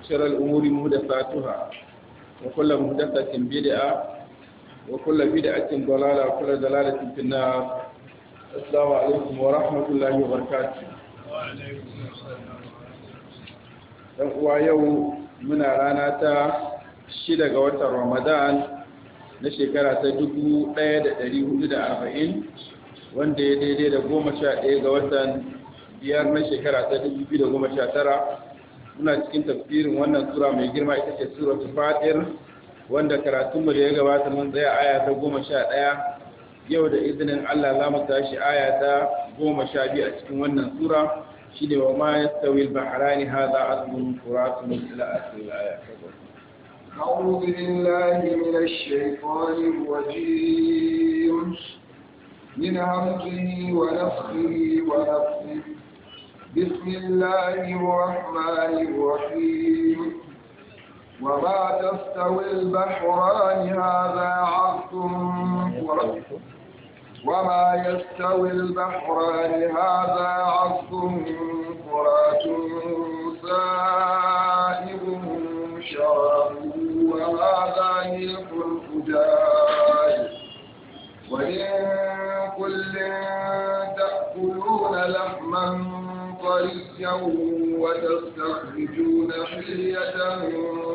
وشر الأمور مهدفاتها وكل مهدفة بدعة وكل بدعة ضلالة وكل ضلالة في النار السلام عليكم ورحمة الله وبركاته ɗan uwa yau muna rana ta shida ga watan ramadan na shekara ta 1440 wanda ya daidai da 11 ga watan biyar na shekara ta tara. suna cikin tafsirin wannan sura mai girma ita ce suratul fatir wanda karatunmu da ya gabata mun tsaya aya ta goma sha ɗaya yau da izinin Allah za mu tashi aya ta goma sha biyu a cikin wannan sura shi ne wa ma ya tsawi baharani ha za a tsunin furatun ila a tsawi aya ta أعوذ بالله من الشيطان الرجيم من همزه ونفخه ونفخه بسم الله الرحمن الرحيم وما تستوي البحران هذا عرض فرد وما يستوي البحران هذا عبد فرد سائغ شراب وهذا ملك الفجاج وإن كل تأكلون لحما طريا وتستخرجون حلية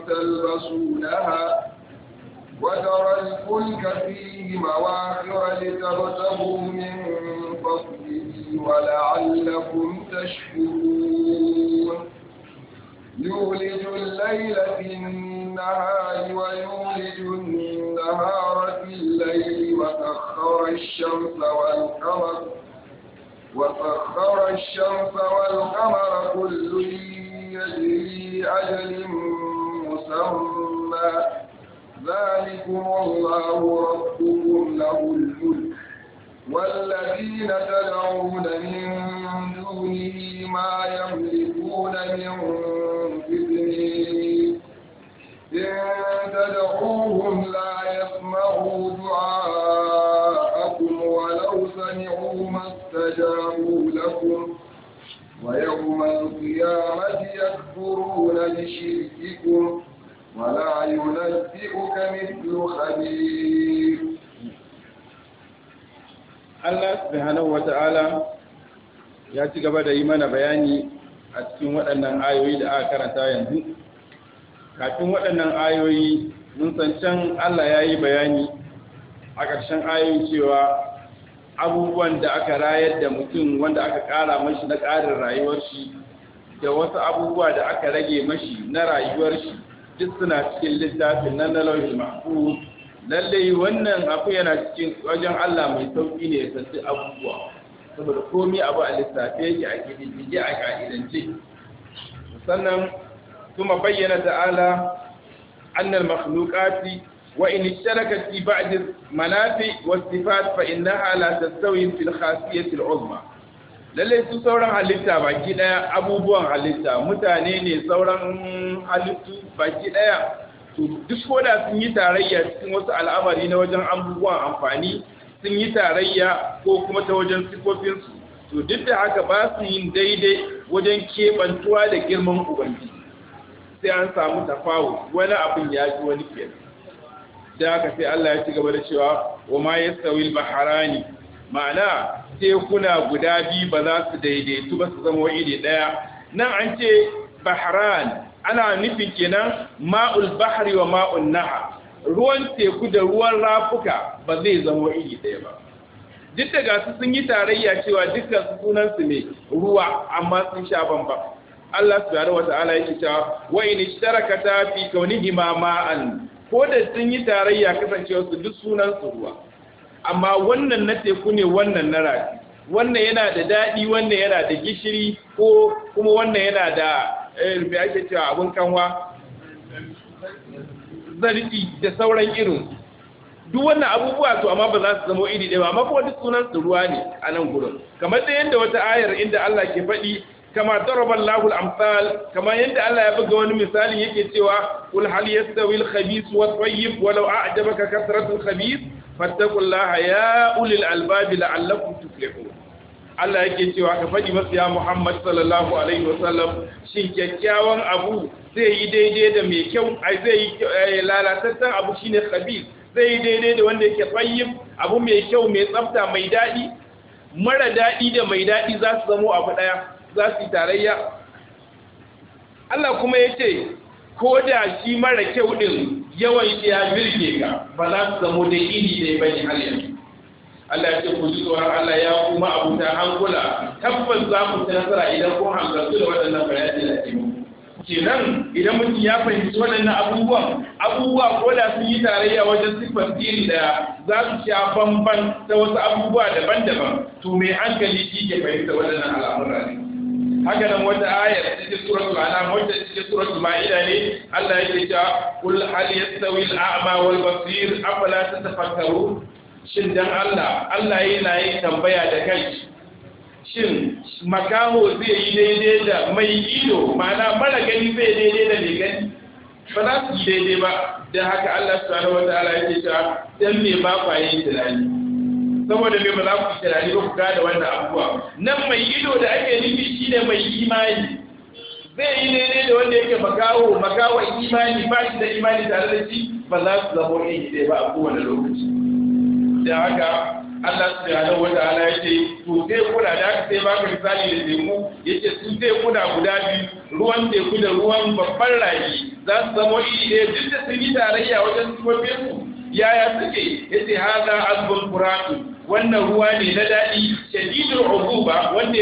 تلبسونها وترى الفلك فيه مواخر لتبتغوا من فضله ولعلكم تشكرون يولج الليل في النهار ويولج النهار في الليل وسخر الشمس والقمر وسخر الشمس والقمر كل يجري أجل مسمى ذلكم الله ربكم له الملك والذين تدعون من دونه ما يملكون من فتن إن تدعوهم لا يسمعوا دعاءكم ولو سمعوا ما فشربوا لكم ويوم القيامة يكفرون بشرككم ولا ينبئك مثل خبير Allah subhanahu wa ta'ala ya ci gaba da yi mana bayani a cikin waɗannan ayoyi da aka karanta yanzu. Kafin waɗannan ayoyi mun san can Allah ya yi bayani a ƙarshen ayoyin cewa abubuwan da aka rayar da mutum wanda aka ƙara mashi na ƙarin rayuwar shi da wasu abubuwa da aka rage mashi na rayuwar shi duk suna cikin littafin nan na lauyi mahfuz lallai wannan abu yana cikin wajen Allah mai sauƙi ne ya sassi abubuwa saboda komi abu a lissafi yake a kididdige a ka'idance sannan kuma bayyana ta'ala annal makhluqati وإن اشتركت في بعض المنافع والصفات فإنها لا تستوي في الخاصية العظمى lallai su sauran halitta baki daya abubuwan halitta mutane ne sauran halittu baki daya duk koda sun yi tarayya cikin wasu al'amari na wajen abubuwan amfani sun yi tarayya ko kuma ta wajen sifofinsu to duk da haka ba su yin daidai wajen keɓantuwa da girman ubangiji sai an samu tafawo wani abin ya ji wani kenan da aka sai Allah ya ci gaba da cewa wa ma yastawil bahrani ma'ana tekuna guda biyu ba za su daidaitu ba su zama iri daya nan an ce bahran ana nufin kenan ma'ul bahri wa ma'ul naha ruwan teku da ruwan rafuka ba zai zama iri daya ba duk da gasu sun yi tarayya cewa dukkan sunan su ne ruwa amma sun sha bamba Allah subhanahu ta'ala yake cewa wa in ishtarakata fi kaunihima ma'an ko da sun yi tarayya su duk sunansu ruwa amma wannan na teku ne wannan na rafi wannan yana da daɗi wannan yana da gishiri ko kuma wannan yana da rufe eh, ake cewa abin kanwa zarfi da sauran irin duk wannan abubuwa su amma ba za su zama iri ɗaya ba amma kuma duk sunan su ruwa ne a nan gurin kamar da yadda wata ayar inda Allah ke faɗi kama daraba Allahul amsal kama yadda Allah ya buga wani misali yake cewa kul hal yastawi al-khabith wa at-tayyib walau a'jabaka kathratu al-khabith Allah yake cewa ka faɗi masu ya Muhammad sallallahu alaihi wasallam shin kyakkyawan abu zai yi daidai da mai kyau ai zai yi lalatattan abu shine khabith zai yi daidai da wanda yake tsayyib abu mai kyau mai tsafta mai daɗi mara daɗi da mai daɗi za su zamo abu ɗaya za su yi tarayya Allah kuma ya ce ko da shi mara kyau din yawan shi ya birge ka ba za su zamo da ƙini da ya bani har yanzu Allah ya ce ku ji tsoron Allah ya kuma abuta ta hankula, tabbas za ku ci nasara idan kun hankali da waɗannan bayanai da ke kenan idan mutum ya fahimci waɗannan abubuwan abubuwa ko da sun yi tarayya wajen siffar diri da za su sha bamban ta wasu abubuwa daban-daban to mai hankali shi ke fahimta waɗannan al'amura ne haka nan wata aya cikin suratul ma'ana wata cikin suratul ma'ida ne Allah yake cewa kul hal yastawi al a'ma wal basir afala tatafakkaru shin dan Allah Allah yana yin tambaya da kai. shin makaho zai yi daidai da mai ido ma'ana mara gani zai daidai da mai gani ba su daidai ba dan haka Allah subhanahu wa ta'ala yake cewa dan me ba kwaye tunani saboda mai ba za ku tunani ba ku da wannan abubuwa nan mai ido da ake nufi ne mai imani zai yi daidai da wanda yake makawo makawo imani ba shi da imani tare da shi ba za su zama yin shi ba a kowane lokaci da haka Allah su subhanahu wa ta'ala yace to sai kuna da haka sai baka misali da teku yace su sai kuna guda biyu ruwan teku da ruwan babban rayi za su zama iri ɗaya duk da sun yi tarayya wajen sifofin su yaya suke yace hada azbul kuratu wannan ruwa ne na daɗi shadidul ba, wanda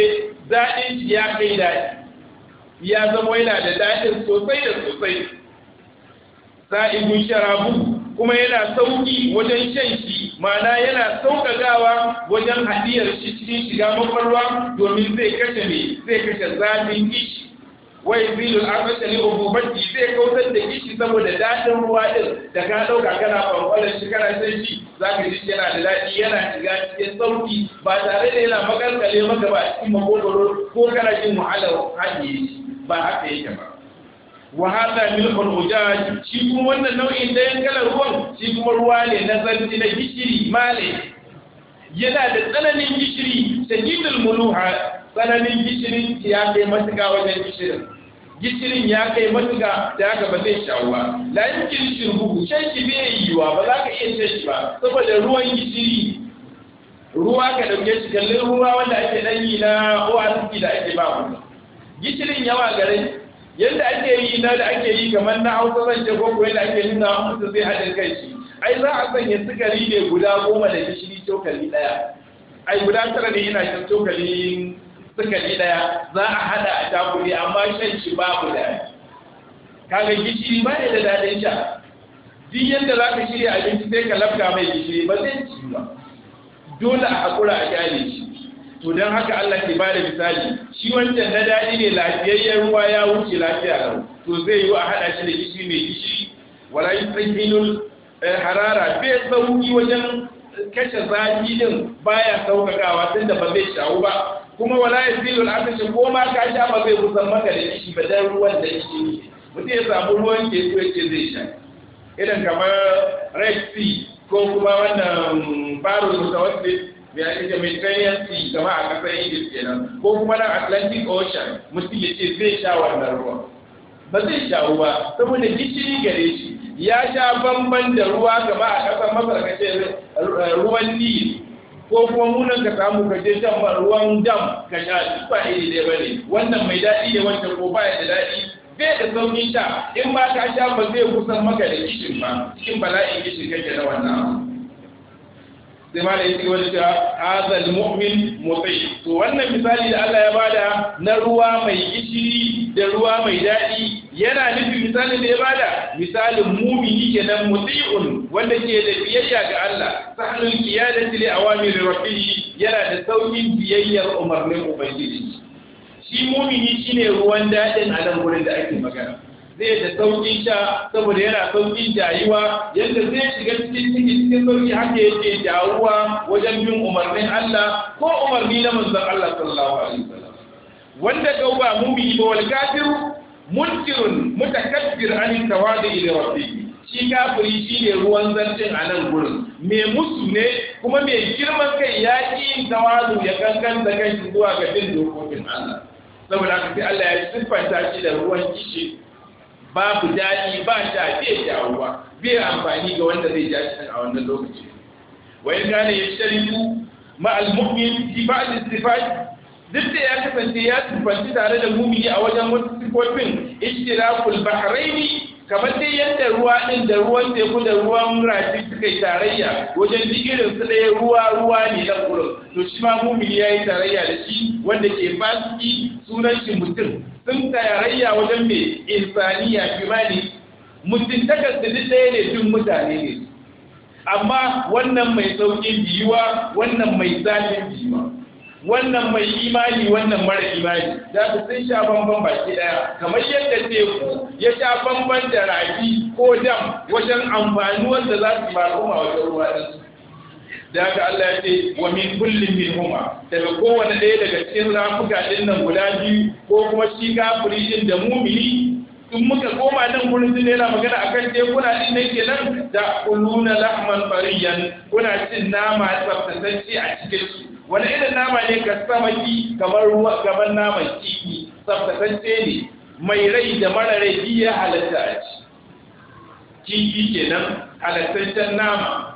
daɗin shi ya kai daɗi ya zama yana da daɗin sosai da sosai sa'ibun sharabu kuma yana sauki wajen shan shi ma'ana yana sauƙaƙawa wajen hadiyar shi cikin shiga mafarwa, domin zai kashe mai zai kashe zafin kishi Wai yuzilu al da li ububati zai kautar da kishi saboda dadin ruwa din da ka dauka kana fanfalar shi kana san shi zaka ji yana da dadi yana shiga cikin sauki ba tare da yana makalkale maka ba cikin makogoro ko kana jin wahalar haɗe ba haka yake ba wa hada al hujaj shi kuma wannan nau'in da 'yan kalar ruwan shi kuma ruwa ne na zanti na gishiri male yana da tsananin gishiri shadidul muluha tsananin gishirin ya kai matuƙa wajen gishirin gishirin ya kai matuka da haka ba zai shawo ba la gishirin shurbuhu shan shi bai yiwa ba za ka iya shan shi ba saboda ruwan gishiri ruwa ka dauke shi kallon ruwa wanda ake dan yi na ORC da ake ba mu gishirin yawa gare yadda ake yi na da ake yi kamar na Hausa zan ce ko kuwa yadda ake nuna mutum zai haɗin kai shi ai za a sanya sigari ne guda goma da gishiri cokali ɗaya ai guda tara ne yana shan cokalin suka ji ɗaya, za a haɗa a takuri amma shan shi babu da kaga gishiri ba ya da daɗin sha duk yadda za ka shirya abinci sai ka lafka mai gishiri ba zai ci ba dole a haƙura a gyare shi to don haka Allah ke ba da misali shi wancan na daɗi ne lafiyayyen ruwa ya wuce lafiya lau to zai yi a haɗa shi da gishiri mai gishiri wala tsakinin eh, harara bai sauki wajen kashe zafi din baya saukakawa tunda ba zai shawo ba kuma wala yazilul abdi ko ma ka sha ba zai kusan maka da shi ba dan ruwan da shi mutum ya samu ruwan ke so yake zai sha irin kamar red sea ko kuma wannan ta wasu ya ita mai tsayar si kama a kasar Egypt kenan ko kuma na Atlantic Ocean mutum ya ce zai sha wannan ruwan ba zai sha ruwa saboda gishiri gare shi ya sha bamban da ruwa gaba a kasar Masar ka ruwan Nil ko kuma munan ka samu ka je can ba ruwan dam ka sha ba iri ne bane wannan mai daɗi ne wancan ko baya da daɗi Be da sauƙin ta in ba ka sha ba zai kusan maka da kishin ba cikin bala'in kishin kake na wannan sai ma da yake wani cewa hazal mu'min mutai to wannan misali da Allah ya bada na ruwa mai gishiri da ruwa mai daɗi yana nufin misalin da ya bada misalin mumini kenan muti'un wanda ke da biyayya ga Allah sahlul qiyadati li awamir rabbih yana da saukin biyayyar umarnin ubangiji shi mumini shine ruwan dadin a nan gurin da ake magana zai da saukin sha saboda yana saukin jayuwa yadda zai shiga cikin cikin cikin sauki haka yake jawuwa wajen bin umarnin Allah ko umarni na manzon Allah sallallahu alaihi wasallam wanda gauba ba mumini ba wal kafiru munkirun mutakabbir an tawadi ila rabbih shi kafiri shi ne ruwan zancin a nan gurin me musu ne kuma me girman kai ya ƙi tawadu ya kankan da kai zuwa ga bin dokokin Allah saboda haka sai Allah ya siffanta shi da ruwan kishi babu daɗi ba ta bai ruwa bai amfani ga wanda zai ja shi a wannan lokaci wa in kana yashtariku ma al-mu'min fi ba'd istifaj duk da ya kasance ya tufanci tare da mumini a wajen wasu sifofin ishtirakul bahraini kamar dai yadda ruwa ɗin da ruwan teku da ruwan rafi suka yi tarayya wajen digirin su ɗaya ruwa ruwa ne na gurin to shi ma mumini ya yi tarayya da shi wanda ke fasiki sunan shi mutum sun tarayya wajen mai insaniya kimani mutuntakar da duk ɗaya ne tun mutane ne amma wannan mai saukin jiwa wannan mai zafin jiwa. wannan mai imani wannan mara imani za su sun sha bamban baki daya kamar yadda teku ya sha bamban da rafi ko dam wajen amfani da za su ba al'umma wajen ruwa su. da haka Allah ya ce wa min kullin min huma daga kowane ɗaya daga cikin rafuka ɗin nan guda biyu ko kuma shi kafiri da mumini in muka koma nan gurin sun yana magana a kan tekuna ɗin nan kenan da kuluna lahman fariyan kuna cin nama tsaftatacce a cikin su wani irin nama ne ka ki kamar ruwa gaban naman kifi tsaftatacce ne mai rai da mara rai biyu ya halatta a ci kifi kenan halattaccen nama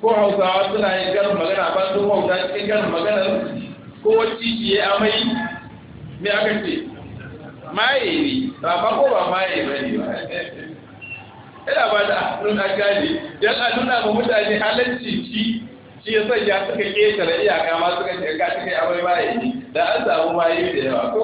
ko hausawa suna yin garin magana ba su hausa cikin garin magana ko wacce ya amai me aka ce maye ba ko ba maye ba ba da nuna gane dan a nuna mutane halarci shi shi ya sanya suka ketare iyaka ma suka shiga suka maye da an samu maye da yawa ko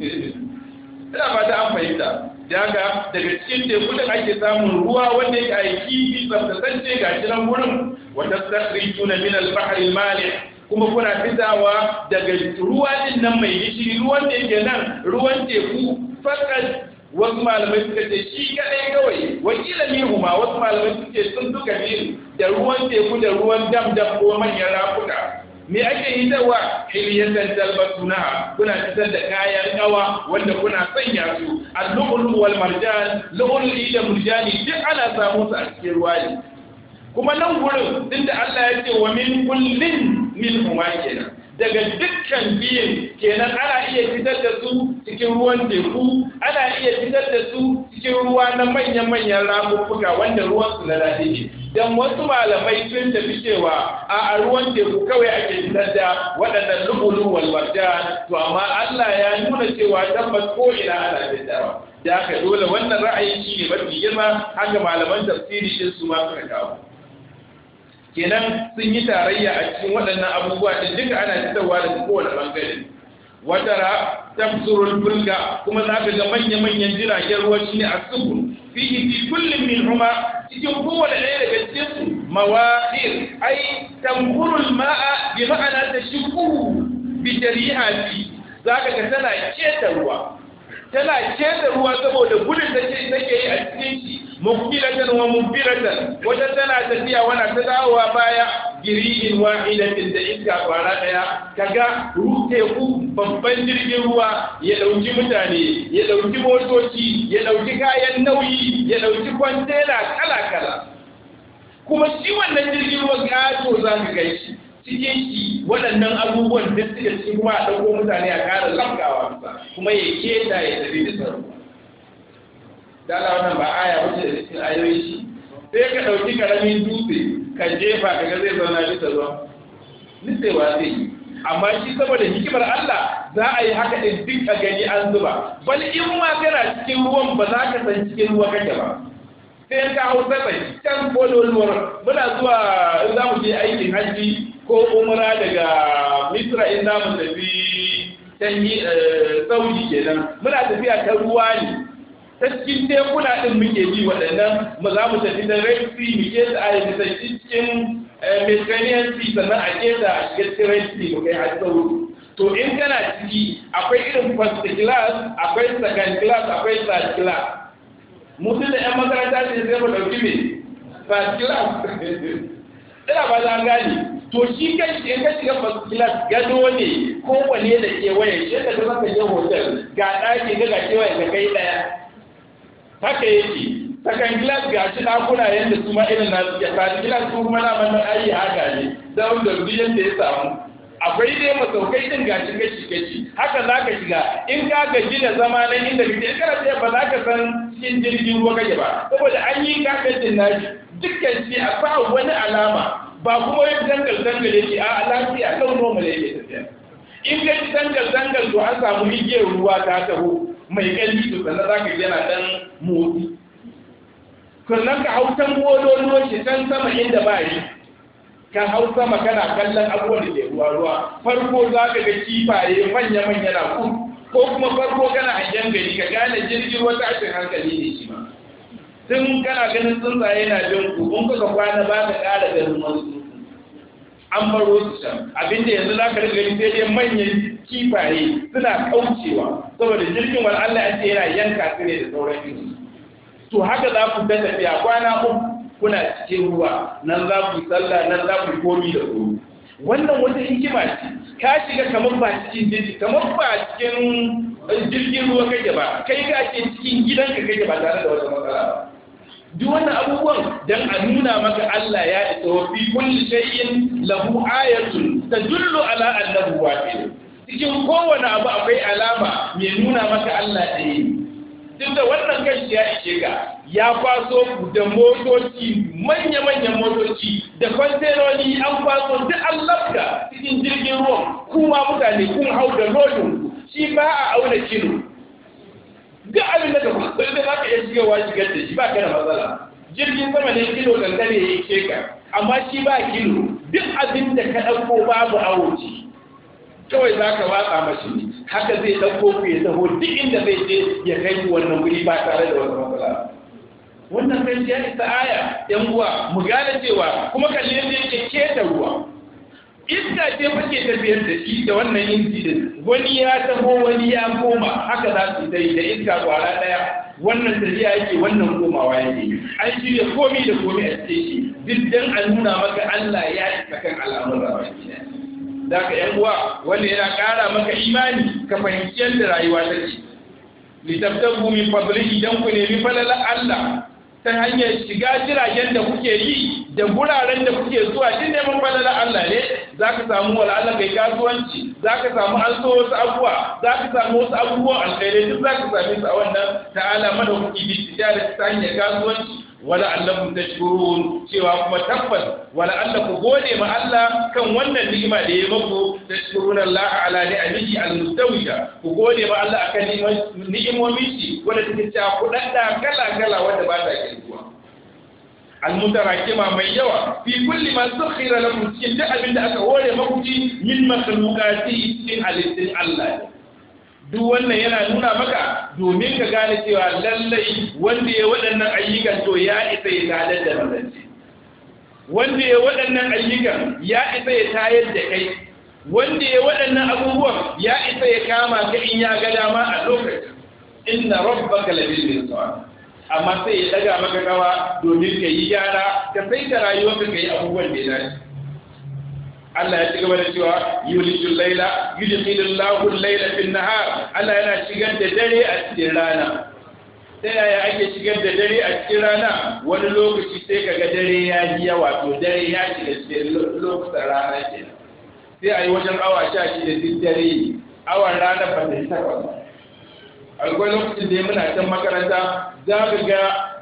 ina ba da an fahimta daga daga cikin teku da ake samun ruwa wanda yake a kifi tsaftatacce ga shi gurin wurin wata tsakri min al-bahr al kuma kuna fitawa daga ruwa din nan mai gishiri ruwan da yake nan ruwan teku fakat wasu malamai suka ce shi kadai kawai wakila mihuma wasu malamai suka ce sun duka ne da ruwan teku da ruwan dam dam ko manyan rafuka me ake yi dawa hiliyatan talbatuna kuna fitar da kayan gawa wanda kuna sanya su al lughul wal marjan lughul da murjani duk ana samu su a cikin ruwa kuma nan gurin duk da Allah ya ce wa min kullin min huma kenan daga dukkan biyan kenan ana iya fitar da su cikin ruwan teku ana iya fitar da su cikin ruwa na manya-manyan ramuffuka wanda ruwan su na daɗi ne dan wasu malamai sun tafi cewa a ruwan teku kawai ake fitar da waɗannan lubulu walwarda to amma Allah ya nuna cewa tabbas ko ina ana fitar da aka dole wannan ra'ayi shi ne mafi girma haka malaman tafsiri din su ma suka kawo kenan sun yi tarayya a cikin waɗannan abubuwa din duka ana fitarwa daga kowane bangare watara tafsirul bulga kuma za ka ga manya-manyan jiragen ruwa ne a sukun fi fi kullum min huma cikin kowane ɗaya daga cikin su ai tamkurul ma'a bi ma'ana ta shukuru bi fi za ka ga tana keta ruwa tana keta ruwa saboda gudun da take yi a cikin shi mukbilatan wa mukbilatan wajen tana tafiya wana ta dawowa baya giri'in wahidatin da iska kwara daya kaga rute ku babban jirgin ruwa ya ɗauki mutane ya ɗauki motoci ya ɗauki kayan nauyi ya ɗauki kwantena kala kala kuma ciwon wannan jirgin ruwa gato za ka kai shi cikin shi waɗannan abubuwan duk da cikin a ɗauko mutane a ƙara lankawa kuma ya keta ya tafi da sarrafa dala wannan ba aya ba ce da cikin ayoyi shi sai ka ɗauki karamin dutse ka jefa ka ga zai zauna bisa ruwa nitsewa zai yi amma shi saboda hikimar Allah za a yi haka ɗin duk a gani an zuba bal in ma kana cikin ruwan ba za ka san cikin ruwa kake ba sai ka hau tsatsai can kololuwar muna zuwa in za mu je aikin hajji ko umra daga misra in za mu tafi can yi eh, saudi kenan muna tafiya ta ruwa ne ta cikin tekuna ɗin muke bi waɗannan mu za mu tafi da red sea mu ke ta yi ta cikin eh, mediterranean sea sannan a ke ta cikin red sea mu kai har sauro to in kana ciki akwai irin first class akwai second class akwai third class mutum da yan makaranta ne sai mu ɗauki me third class ina ba za gane to shi kan shi in ka shiga first class gado ne kowane da kewaye shi ka zama ka je hotel ga ɗaki ga ga kewaye ka kai ɗaya haka yake kan glass ga shi na yadda yanda kuma irin na suke sani glass ko kuma naman na ayi haka ne da da duk yanda ya samu akwai dai masaukai din gashi gashi gashi haka za ka shiga in ka ga gina zama nan inda kake in kana tsaye ba za ka san cikin jirgin ruwa kake ba saboda an yi na shi, dukkan shi a sa wani alama ba kuma yin dangal dangal yake a lafiya kan normal yake tafiya in ka ji dangal dangal to an samu igiyar ruwa ta taho mai ƙarfi to sannan za ka yana ɗan motsi sannan ka hau can bololuwar shi can sama inda ba yi ka hau sama kana kallon abubuwan da ke ruwa ruwa farko za ka ga kifaye manya manya na ku ko kuma farko kana hangen gari ka gane jirgin wata ashin hankali ne shi ma tun kana ganin tsuntsaye na bin ku in kuka kwana ba ka ƙara ganin wasu an baro su can abinda yanzu za ka riga gani sai manyan kifaye suna kaucewa saboda jirgin wani Allah ya ce yana yanka su ne da sauran jirgi Su haka za ku ta tafiya kwana uku kuna cikin ruwa nan za ku sallah nan za ku komi da ku wannan wata hikima ce ka shiga kamar ba cikin jirgi kamar ba cikin eh, jirgin ruwa kake ba kai ka ce cikin gidanka kake ba tare da wata matsala ba duk wani abubuwan dan a nuna maka Allah ya isa wa fi kulli shay'in lahu ayatun tadullu ala annahu wahid cikin kowane abu akwai alama mai nuna maka Allah ɗaya duk da wannan kashi ya ishe ka ya kwaso da motoci manya-manyan motoci da kwantenoni an kwaso duk an cikin jirgin ruwan kuma mutane kun hau da lodin shi ba a auna kilo duk abin da kuma da za ka iya shigarwa shigar da shi ba kana matsala jirgin sama ne kilo dangane ya yi ka amma shi ba kilo duk abin da ka ɗauko babu awuci kawai za ka watsa mashi haka zai ɗauko ku ya taho duk inda zai je ya kai wannan wuri ba tare da wata matsala wannan kan ya isa aya yan uwa mu gane cewa kuma kalli yadda yake keta ruwa iska ce fake tafiyar da shi da wannan inji din wani ya taho wani ya koma haka za su dai da iska kwara daya wannan tafiya yake wannan komawa yake an shirya komi da komi a cikin shi duk dan a nuna maka Allah ya isa kan al'amuran baki da ka yan uwa wanda yana ƙara maka imani ka fahimci yadda rayuwa ta take litabtabu min fadlihi dan ku nemi falala Allah ta hanyar shiga jiragen da kuke yi da guraren da kuke zuwa duk neman falala Allah ne za ka samu wala kai kasuwanci za ka samu also wasu abubuwa za ka samu wasu abubuwan alkhairai duk za ka same su a wannan ta'ala madaukaki bi tijara ta hanyar kasuwanci wala allakum tashkurun cewa kuma tabbas wala Allah ku gode ma Allah kan wannan ni'ima da ya muku tashkurun Allah ala ni'amihi al-mustawiya ku gode ma Allah akan ni'imomin shi wanda take cewa kudadda kala kala wanda ba ta kirkuwa almutarakima mai yawa fi kulli ma sukhira lahu cikin duk abin da aka hore makuci min makhluqati cikin halittun Allah duk wannan yana nuna maka domin ka gane cewa lallai wanda ya waɗannan ayyukan to ya isa ya gadar da mazanci wanda ya waɗannan ayyukan ya isa ya tayar da kai wanda ya waɗannan abubuwan ya isa ya kama ka in ya ga dama a lokacin inna rabbaka labil mirsad amma sai ya daga maka gawa domin ka yi gyara ka ta rayuwa ka yi abubuwan da ya Allah ya ci gaba da cewa yulijul laila yudkhilul lahu laila fin nahar Allah yana shigar da dare a cikin rana ta yaya ake shigar da dare a cikin rana wani lokaci sai kaga dare ya yi yawa to dare ya shiga cikin lokacin rana sai a wajen awa sha da duk dare awan rana ba ta yi takwas akwai lokacin da ya muna can makaranta za ka ga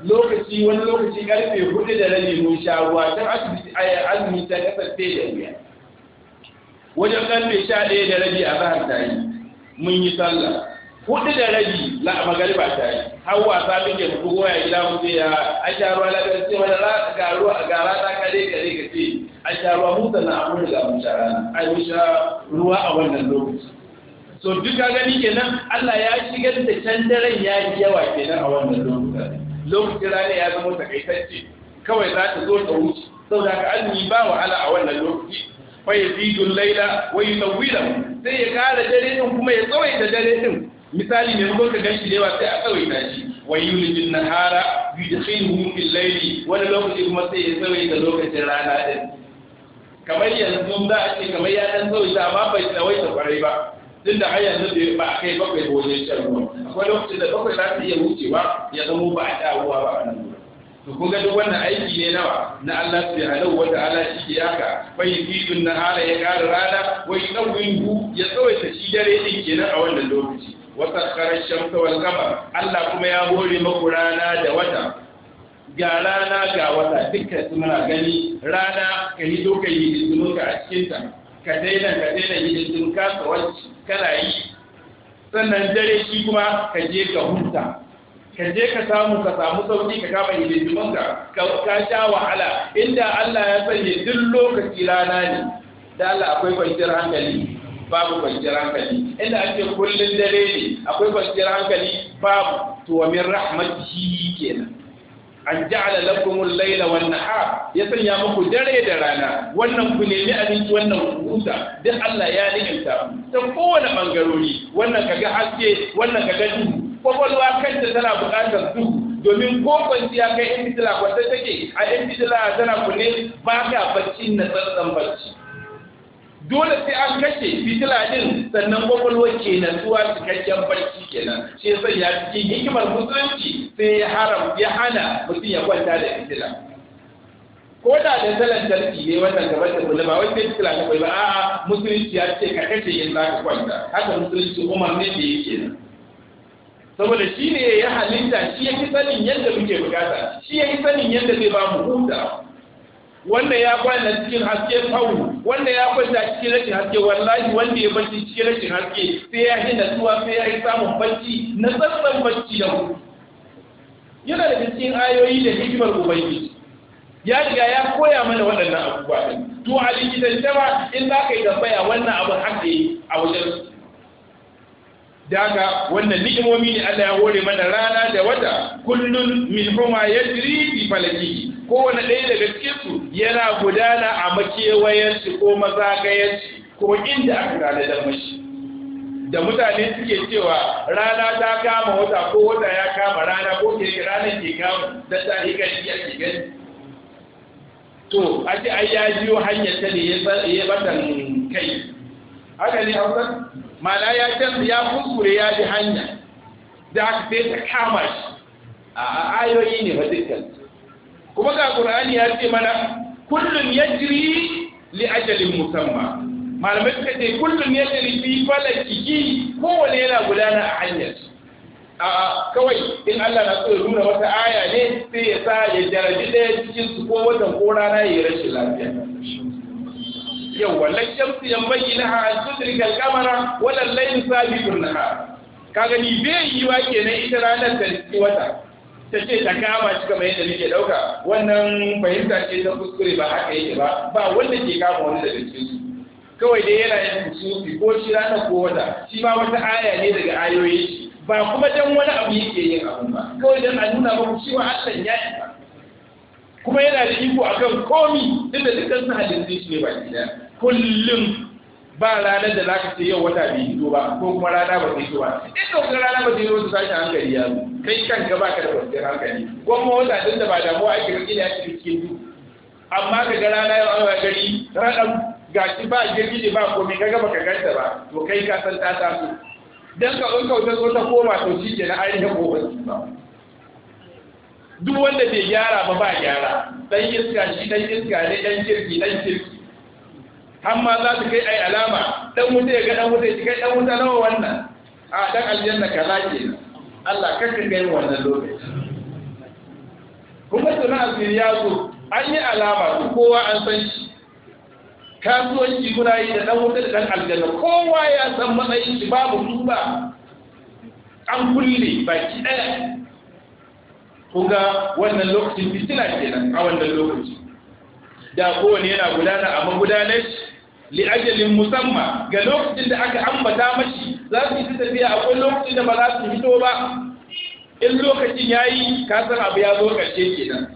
lokaci wani lokaci karfe hudu da rabi mun sha ruwa can asibiti a azumi ta kasance da wuya wajen karfe sha ɗaya da rabi a zahar ta yi mun yi sallah hudu da rabi la magariba ta yi hawa ta muke ke bugo ya gida mu ya A sha ruwa lafiya ce wani ga ruwa ga rana kare kare ka ce a sha ruwa mu sannan abun da mun sha ruwa a wannan lokaci to duk ka gani kenan Allah ya shigar da can daren ya yi yawa kenan a wannan lokutan lokacin rana ya zama takaitacce kawai za ta zo ta wuce saboda ka azumi ba wahala a wannan lokaci fa yazidu layla wa yutawwilahu sai ya kara dare din kuma ya tsawaita dare din misali ne mun ka ganshi da yawa sai a tsawaita shi wa yulijin nahara yudkhiluhu fil layli wani lokaci kuma sai ya tsawaita lokacin rana din kamar yanzu za a ce kamar ya dan tsawaita amma bai tsawaita kwarai ba Tunda a har yanzu da ba kai bakwai ba wajen shan ruwa akwai lokacin da bakwai za ta iya wucewa ya zama ba a dawowa ba a nan to kun ga duk wannan aiki ne nawa na Allah subhanahu wa ta'ala shi ke haka fa na hala ya ƙara rana wa hu ya tsawaita shi dare din kenan a wannan lokaci wa sakhara shamsa wal Allah kuma ya hore maku rana da wata ga rana ga wata dukkan su gani rana ka yi doka yi ka a cikinta. ka daina ka daina yi da sun kasa wanci kana yi sannan dare shi kuma ka je ka huta ka je ka samu ka samu sauki ka kama hidimin ka ka sha wahala inda Allah ya sanya duk lokaci rana ne da Allah akwai kwanciyar hankali babu kwanciyar hankali inda ake kullun dare ne akwai kwanciyar hankali babu to wa min rahmatihi kenan an ja'ala lakum al-layla wan nahar ya sanya muku dare da rana wannan ku nemi abinci wannan ku huta duk Allah ya ni'imta ta kowane bangarori wannan kaga haske wannan kaga duhu kwakwalwa kanta tana buƙatar duhu domin ko kwanciya kai in fitila kwanta take a in fitila tana kunne ba ka bacci na tsantsan bacci dole sai an kashe fitila din sannan kwakwalwa ke natsuwa cikakken barci kenan shi yasa ya cikin hikimar musulunci sai ya haram ya hana mutum ya kwanta da fitila ko da da salan tarki ne wannan gaban da kula ba wai sai fitila ta ba a'a musulunci ya ce ka kashe yin za ka kwanta haka musulunci umar ne da yake nan saboda shi ne ya halitta shi ya fi sanin yadda muke bukata shi ya fi sanin yadda zai ba mu hutawa Wannan ya kwana cikin haske fawu wanda ya kwanta cikin rashin haske wallahi wanda ya bacci cikin rashin haske sai ya yi zuwa sai ya yi samun bacci na sassan bacci da yana da cikin ayoyi da hikimar ubangiji ya riga ya koya mana waɗannan abubuwa ɗin to a likitan jama in za ka yi tambaya wannan abin haka yi a wajen daga wannan ni'imomi ne Allah ya hore mana rana da wata kullun min huma yajri fi falakihi kowane ɗaya daga cikinsu yana gudana a makewayensu ko mazagayensu ko inda aka gane da mashi da mutane suke cewa rana ta kama wata ko wata ya kama rana ko ke rana ke kama da ta hika shi a gani to a ce ai ya jiyo hanyar ta ne ya batan kai haka ne hausa ma'ana ya canza ya kuskure ya ji hanya da aka sai ta kama shi a ayoyi ne ba dukkan kuma ga qur'ani ya ce mana kullun yajri li ajalin musamma malamai suka ce kullun yajri fi falakiki kowane yana gudana a hanyar a kawai in Allah na so ya nuna wata aya ne sai ya sa ya jarabi ɗaya cikin su ko watan ko rana ya rashin lafiya yau wallan shamsu yan bayi na an tudrika al-qamara wallan layl sabiqun nahar kaga ni bai yi wa kenan ita ranar da wata ta ce ta kama shi kamar yadda nake ɗauka wannan fahimta ce ta kuskure ba haka yake ba ba wanda ke kama wani daga cikin su kawai dai yana yin sufi ko shi rana ko wata shi ma wata aya ne daga ayoyi ba kuma dan wani abu yake yin abu ba kawai dan a nuna muku cewa Allah ya yi ba kuma yana da iko akan komi duk da dukkan su shi ne ba kullum ba ranar da za ka ce yau wata bai hito ba ko kuma rana ba zai hito ba in kuma rana ba zai hito ta tashi hankali ya zo kai kanka ka da kwanciyar hankali Ko kuma wata din da ba damuwa ake rikin ya ake cikin du amma ka ga rana yau an gari raɗan gashi ba girgi ne ba komai gama ka ganta ba to kai ka san ta taso dan ka in kautar zo ta koma to shi ke na ainihin gobe ba duk wanda bai gyara ba ba gyara dan iska shi dan iska ne dan kirki dan kirki Amma za su kai ai alama dan wuta ya ga dan wuta ya kai dan wuta nawa wannan a dan aljanna kaza kenan Allah ka kai wannan lokaci kuma tuna asiri ya zo an yi alama su kowa an san shi kasuwanci muna yi da dan wuta da dan aljanna kowa ya san matsayin shi babu su ba. an kulle baki ɗaya kuga wannan lokacin fitina kenan a wannan lokaci da kowane yana gudana amma gudanar. shi li'ajalin ajalin musamma ga lokacin da aka ambata mashi za su yi tafiya akwai lokacin da ba za su fito ba in lokacin yayi ka san abu ya zo karshe kenan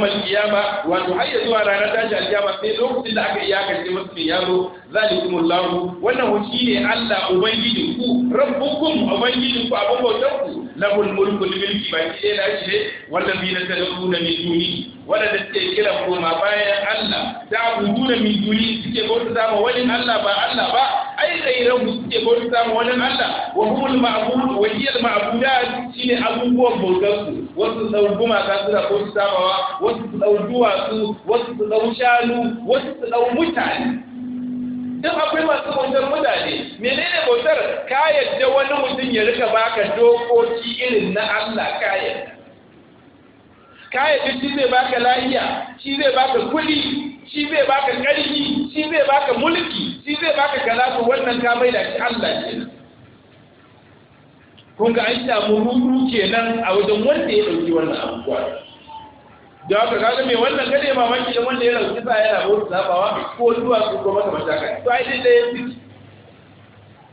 mai qiyama wato har zuwa ranar tashi alkiyama sai lokacin da aka yaro, za a zo zalikumullahu wannan hushi ne Allah ubangijin ku rabbukum ubangijin ku abin bautar ku na mulku lil mulki ba na shi ne wannan bi na talquna min duni waɗanda suke kira koma bayan Allah da abubu da duni suke bauta zama wani Allah ba Allah ba ai da tsairan suke bauta zama wani Allah wa humul ma'bud wa hiyal ma'budat shine abubuwan bautar su wasu dau gumaka suna bauta samawa wasu su dau duwatsu wasu su dau shanu wasu su dau mutane duk akwai masu bautar mutane menene bautar ka yadda wani mutum ya rika baka dokoki irin na Allah ka yadda kayan shi zai baka lafiya shi zai baka kuɗi shi zai baka ƙarfi shi zai baka mulki shi zai baka kaza wannan ka da shi Allah ke kun ga an samu ruru kenan a wajen wanda ya ɗauki wannan abubuwa da haka kaga mai wannan gane mamaki da wanda ya ɗauki sa yana wasu zabawa ko zuwa su kuma kamar kai to ai dai dai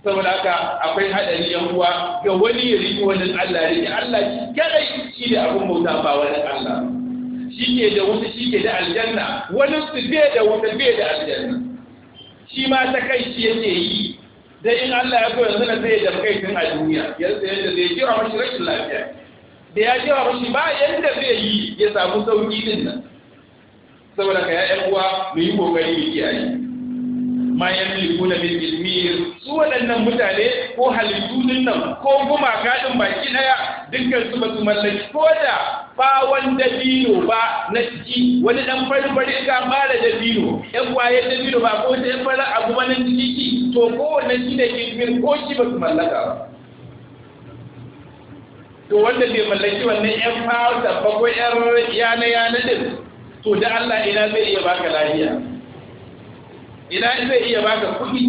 saboda haka akwai haɗari yan uwa ga wani ya riƙe wani Allah ya Allah shi kadai shi da abin bauta ba wani Allah shi ke da wani shi ke da aljanna wani su bai da wata bai da aljanna shi ma ta kai shi yake yi da in Allah ya so yanzu na zai da kai tun a duniya yanzu yadda zai kira mashi rashin lafiya da ya kira mashi ba yadda zai yi ya samu sauki din nan saboda ka ya'yan uwa mu yi kokari mu kiyaye ma da min ilmir su waɗannan mutane ko halittu nan ko kuma kaɗin baki ɗaya dukkan su ba su mallaki ko da wanda dabino ba na ciki wani ɗan fari-fari ga mara dabino ƴan da dabino ba ko da yan fara abu ba na ciki to ko kowane shi da ilmir ko shi ba su mallaka ba to wanda bai mallaki wannan ƴan fara da ko ƴan yana-yana din to da Allah ina zai iya baka lafiya ina zai iya baka kuɗi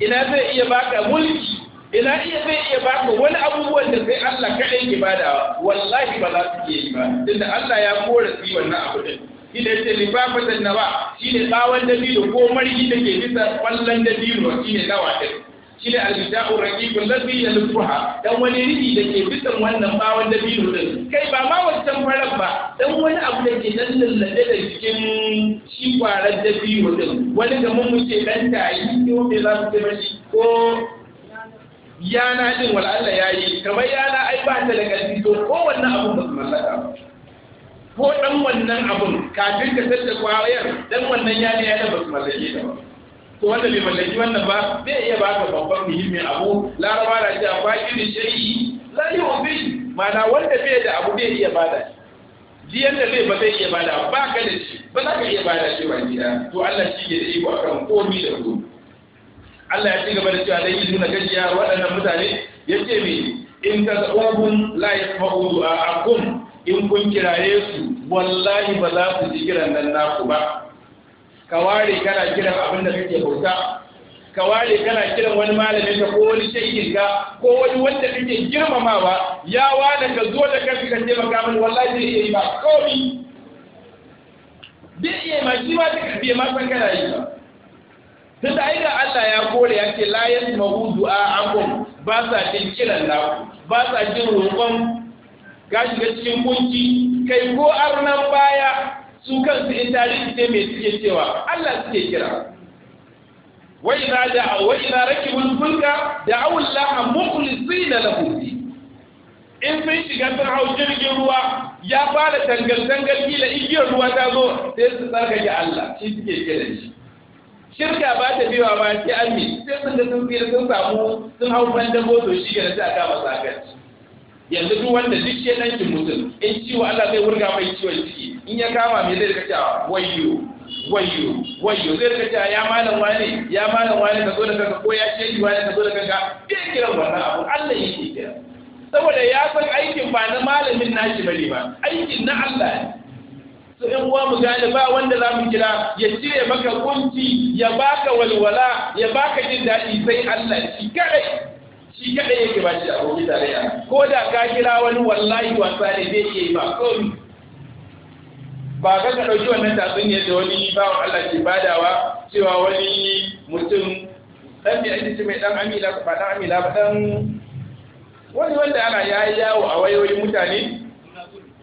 ina zai iya baka mulki ina iya zai iya baka wani abubuwan da sai Allah kaɗai ke bada wallahi ba za su iya yi ba tunda Allah ya kora su wannan abu din shi da yake lifafatan nawa shi ne tsawon dabino ko marki da ke bisa kwallon dabino shi ne nawa din shine al-bida'u raqiq allazi yalfuha dan wani rigi da ke bitan wannan bawon dabino din kai ba ma wancan farar ba dan wani abu da ke nan lallabe da cikin shi kwarar dabino din wani ga mun muke dan tayi ko me za su ce shi ko yana din wal Allah yayi kamar yana ai ba ta da kalbi to ko wannan abu ba su mallaka ko dan wannan abun kafin ka tattakwayar dan wannan yana yana ba su mallake ta ba ko wanda bai mallaki wannan ba zai iya ba ka babban muhimmin abu laraba da ji akwai irin shayi la yu'min Mana wanda bai da abu bai iya bada shi jiyan da ba zai iya bada ba ka da shi ba za ka iya bada shi ba gida to Allah shi ke da iko akan komi da ku Allah ya ci gaba da cewa dai nuna gajiya waɗannan mutane ya ce me in ka tsohon la ya a akun in kun kiraye su wallahi ba za su ji kiran nan naku ba ka ware kana kiran abin da kake bauta ka ware kana kiran wani malamin ka ko wani shekin ka ko wani wanda kake girmamawa ya wada ka zo da kanka ka ce maka mun wallahi zai iya yi ba komi zai iya ma shi ma duka bai ma san kana yi ba tun da aika Allah ya kore ya ce la yasmahu du'a akum ba sa jin kiran na, ba sa jin roƙon ka ga cikin kunci kai ko arnan baya su kansu in tarihi ne mai suke cewa Allah suke kira wa da da'a wa rake wani fulka da'u Allah na lahu in sun shiga sun hau jirgin ruwa ya fara tangar-tangar kila igiyar ruwa ta zo sai su tsarkake Allah shi suke kira shi shirka ba ta biwa ba ke an sai sun ga sun samu sun hau fanta goto shi ga ta kama sakaci. yanzu duk wanda duk ke ki mutum in ciwo Allah zai wurga mai ciwon ciki in ya kama me zai kace wayyo wayyo wayyo zai kace ya malam wani ya malam wani ka zo da kanka ko ya ce wani ka zo da kanka bai kira wannan abu Allah yake kira saboda ya san aikin ba na malamin nashi bane ba aikin na Allah ne su in uwa mu gane ba wanda za mu kira ya cire maka kunci ya baka walwala ya baka jin daɗi sai Allah shi kai shi kaɗai yake ba shi da abokin tarayya ko da ka kira wani wallahi wasa ne zai iya yi ba komi ba ka ka ɗauki wannan tatsuniyar da wani ba wa Allah ke badawa cewa wani mutum ɗan mai aiki mai ɗan amila ba ɗan amila ba ɗan wani wanda ana ya yi yawo a wayoyin mutane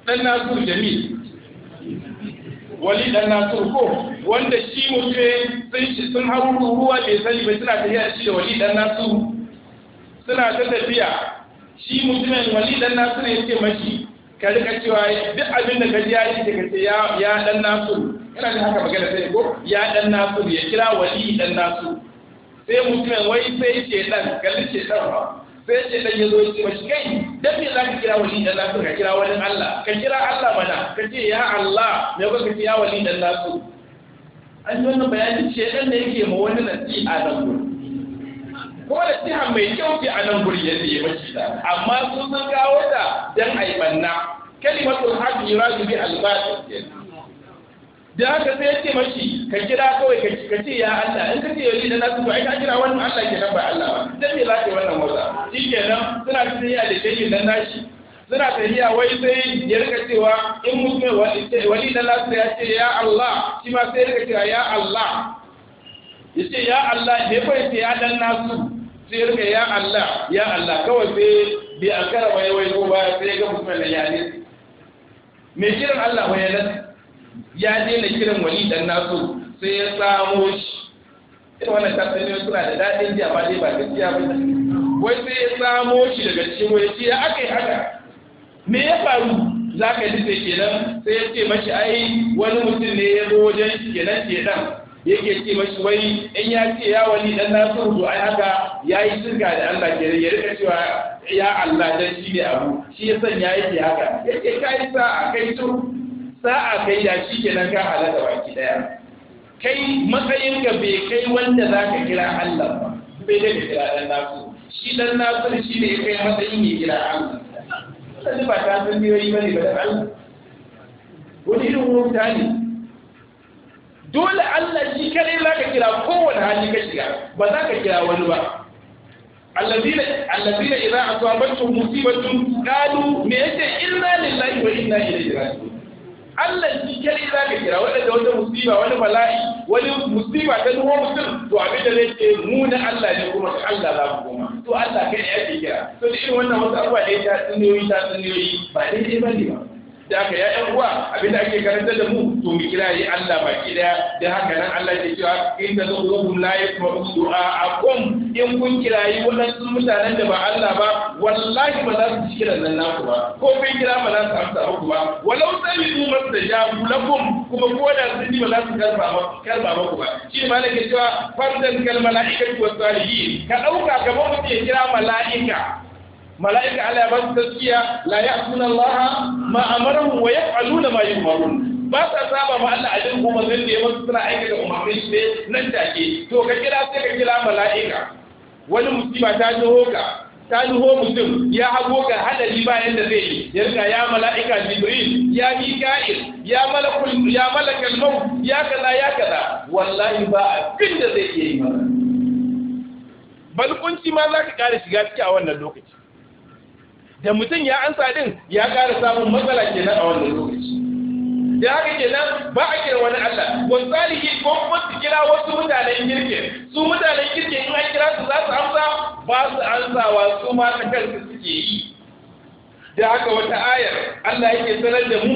ɗan nasu jamil wali ɗan nasu ko wanda shi mutum sun hau ruwa mai sani ba suna tafiya shi da wali ɗan nasu suna ta tafiya shi mutumin wani dan ne yake mashi ka rika cewa duk abin da ka ji ya yi daga ce ya dan nasu yana da haka magana sai ko ya dan nasu ya kira wali dan nasu sai mutumin wai sai ce dan kallin ce dan ba sai ce dan ya zo ya ce mashi kai dan me za ka kira wali dan nasu ka kira wani Allah ka kira Allah mana ka ce ya Allah me ba ka ce ya wali dan nasu an yi wannan bayanin ce dan da yake ma wani nasiha dan gurin ko da jiha mai kyau ce a nan gurin yadda ya mace ta amma sun san kawo ta dan ai banna kalimatul haqq yuradu bi al-batil da haka sai ya ce mashi ka kira kawai ka ce ya Allah in ka ce yau da nasu to ai ka kira wannan Allah ke nan ba Allah ba dan me za ka yi wannan wata shi kenan suna tafiya da dangin nan nashi suna tafiya wai sai ya rika cewa in musulman wani da nasu ya ce ya Allah shi ma sai ya rika cewa ya Allah ya ce ya Allah ne kawai ce ya dan nasu sai rika ya Allah ya Allah kawai sai bi an kara waye waye ko baya sai ga mutum ne ya ne me kiran Allah waye nan ya daina kiran wali dan nasu sai ya samu shi ita wannan tafsirin suna da dadin ji amma dai ba gaskiya ba wai sai ya samu shi daga cikin wai shi ya akai haka me ya faru za ka yi sai kenan sai ya ce mashi ai wani mutum ne ya zo wajen kenan kenan yake ce mashi wai in ya ce ya wani dan nasiru to ai haka yayi shirka da Allah ke ya rika cewa ya Allah dan shi ne abu shi ya san ya yake haka yake kai a kai to a kai da shi kenan ka halaka baki daya kai matsayin ka bai kai wanda zaka kira Allah ba bai da kira dan nasiru shi dan nasiru shi ne kai matsayin ne kira Allah sai ba ta san biyoyi bane ba da Allah wani irin wuta ne dole Allah shi kadai za ka kira kowane hali ka shiga ba za ka kira wani ba allazina allazina idza asabatuhum musibatun qalu me yace inna lillahi wa inna ilaihi raji'un Allah shi kadai za ka kira wanda wata musiba wani bala'i wani musiba ta duwa mutum to abin da zai ce mu na Allah ne kuma ta Allah za ku koma to Allah kai ne yake kira to irin wannan wasu abubuwa da ya ta tsiniyoyi ta tsiniyoyi ba dai ba ne ba da aka ya yan uwa abinda ake karanta da mu to mu kira yi Allah baki daya dan haka nan Allah ya cewa in da zuhum la a du'a'akum in kun yi, wannan sun mutanen da ba Allah ba wallahi ba za su ci kiran nan naku ba ko kun kira ba za su amsa ku ba walau sami'u mastajabu lakum kuma ko da sun ji ba za su karba ba karba ba ku ba shi malaka ya cewa fardan kal mala'ikatu was salihin ka dauka gaban mutum ya kira mala'ika mala'ika Allah ya ba su taskiya la ya'tuna Allah ma amarahum wa yaf'aluna ma yu'marun ba sa saba ma Allah abin kuma zan da yawan suna aikata umarnin shi ne nan take to ka kira sai ka kira mala'ika wani musiba ta jiho ka ta jiho mutum ya hago ka hadari bayan da zai yi ya rika ya mala'ika jibril ya mika'il ya malakul ya malakal maut ya kaza ya kaza wallahi ba abin da zai iya yi mana balkunci ma za ka kare shiga ciki a wannan lokaci da mutum ya ansa din ya ƙara samun matsala kenan a wannan lokaci da haka kenan ba a kira wani Allah wasali ke ko su kira wasu mutanen kirke su mutanen kirke in an kira su za su amsa ba su ansawa, su ma ta kansu suke yi da haka wata ayar Allah yake sanar da mu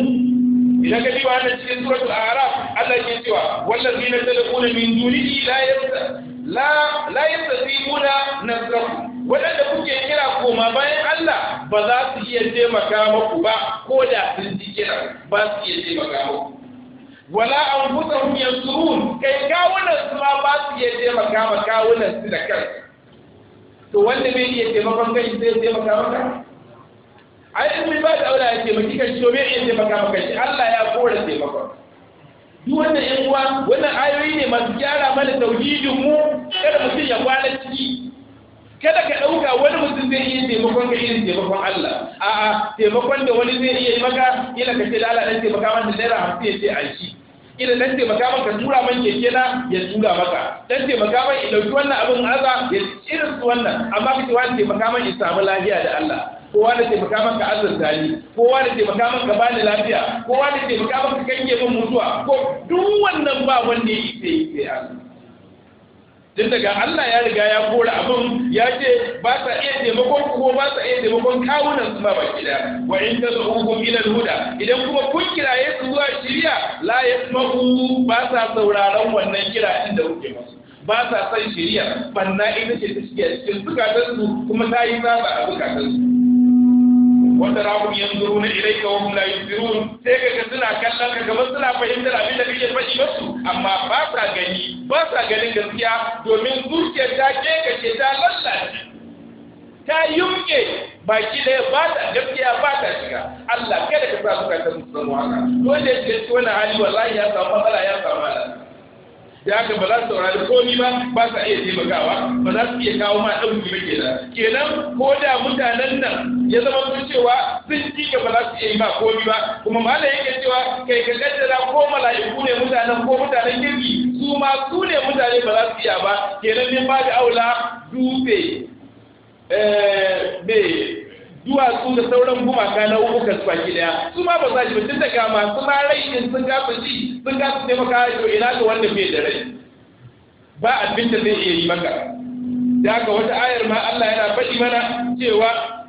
idan ka diba nan cikin suratul a'raf Allah ke cewa wallazina tad'una min dunihi la yamsa la la yastaqimuna nasrakum waɗanda kuke kira koma bayan Allah ba za su iya taimaka maku ba ko da sun ji kira ba su iya taimaka maku wala anfusahum yansurun kai kawunan su ma ba su iya taimaka ma kawunan su da kansu to wanda bai iya taimakon kai sai ya taimaka maka ai in ba da aula ya taimaki kan shi to bai iya taimaka maka shi Allah ya kora taimakon duk wannan yan uwa wannan ayoyi ne masu gyara mana tauhidin mu kada mutum ya kwana ciki kada ka ɗauka wani mutum zai iya taimakon ka irin taimakon Allah a'a taimakon da wani zai iya maka ila ka ce da Allah dan taimaka mana naira hamsin ya ce a shi ila dan taimaka maka tura man keke na ya tura maka dan taimaka man ya dauki wannan abin aza ya irin su wannan amma ka wani taimaka man ya samu lafiya da Allah kowa da taimaka maka azurta ni kowa da taimaka maka bani lafiya kowa da taimaka maka kange min mutuwa ko duk wannan ba wanda yake sai sai Allah tun daga Allah ya riga ya kora abin ya ce ba sa iya taimakon ku ko ba sa iya taimakon kawunan su ma ba kida wa in tad'uhum ila huda idan kuma kun kiraye su zuwa shiriya la yasma'u ba sa sauraron wannan kira inda kuke masu ba sa son shirya banna ita ce ta shige cikin zukatansu kuma ta yi zaba a zukatansu wanda rahum yanzuru na ilaika wa hum la yusirun sai ka ga suna kallon ka gaban suna fahimtar abin da kake faɗi musu amma ba sa gani ba sa ganin gaskiya domin zuciyar ta kekace ta lallace ta yumke baki ɗaya ba ta gaskiya ba ta shiga Allah kada ka sa su kanta musu haka wanda ya shiga cikin wannan hali wallahi ya samu matsala ya samu matsala da haka ba za su saurari komi ma ba sa iya taimakawa ba za su iya kawo ma ɗauki ba kenan kenan ko da mutanen nan ya zama sun cewa sun ji ba za su iya yi ma ni ba kuma malam yake cewa kai ka kaddara ko mala'iku ne mutanen ko mutanen girki su ma su ne mutane ba za su iya ba kenan ne ba da aula dube eh duwatsu da sauran gumaka na uku su baki daya su ma ba za shi tun da gama su ma rai in sun su ji sun taimaka to ina ga wanda bai da rai ba abin zai iya yi maka da haka wata ayar ma Allah yana faɗi mana cewa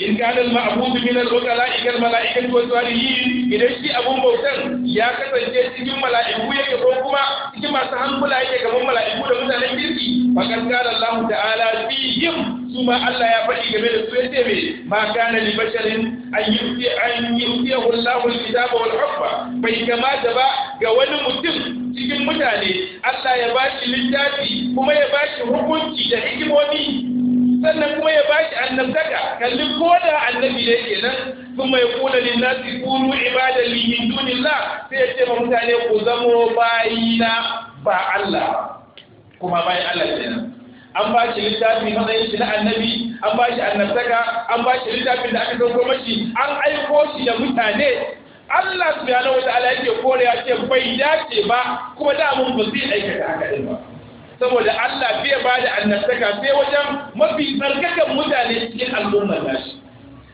in kana al-ma'bud min al-ukala'i kal mala'ikati wa salihin idan shi abun bautan ya kasance cikin mala'iku yake ko kuma cikin masu hankula yake gaban mala'iku da mutanen kirki fa kan Allah ta'ala fihim suma Allah ya faɗi game da su yace mai ma kana li basharin an yi an yutiyahu Allah al-kitaba wal hukma bai kamata ba ga wani mutum cikin mutane Allah ya ba shi littafi kuma ya ba shi hukunci da hikimomi sannan kuma ya bashi annabtaka kalli ko da annabi ne kenan sun mai kula lin nasi kunu ibadan li min dunillah sai ya ce ma mutane ku zamo bayina ba Allah kuma bayan Allah kenan an ba shi littafi matsayin shi na annabi an ba shi annabtaka an ba shi littafin da aka dauko mashi an aiko shi da mutane Allah subhanahu wa ta'ala yake kore ce bai dace ba kuma da mun ba zai aikata haka din ba saboda Allah bai ba da annabtaka sai wajen mafi tsarkakan mutane cikin al'ummar nashi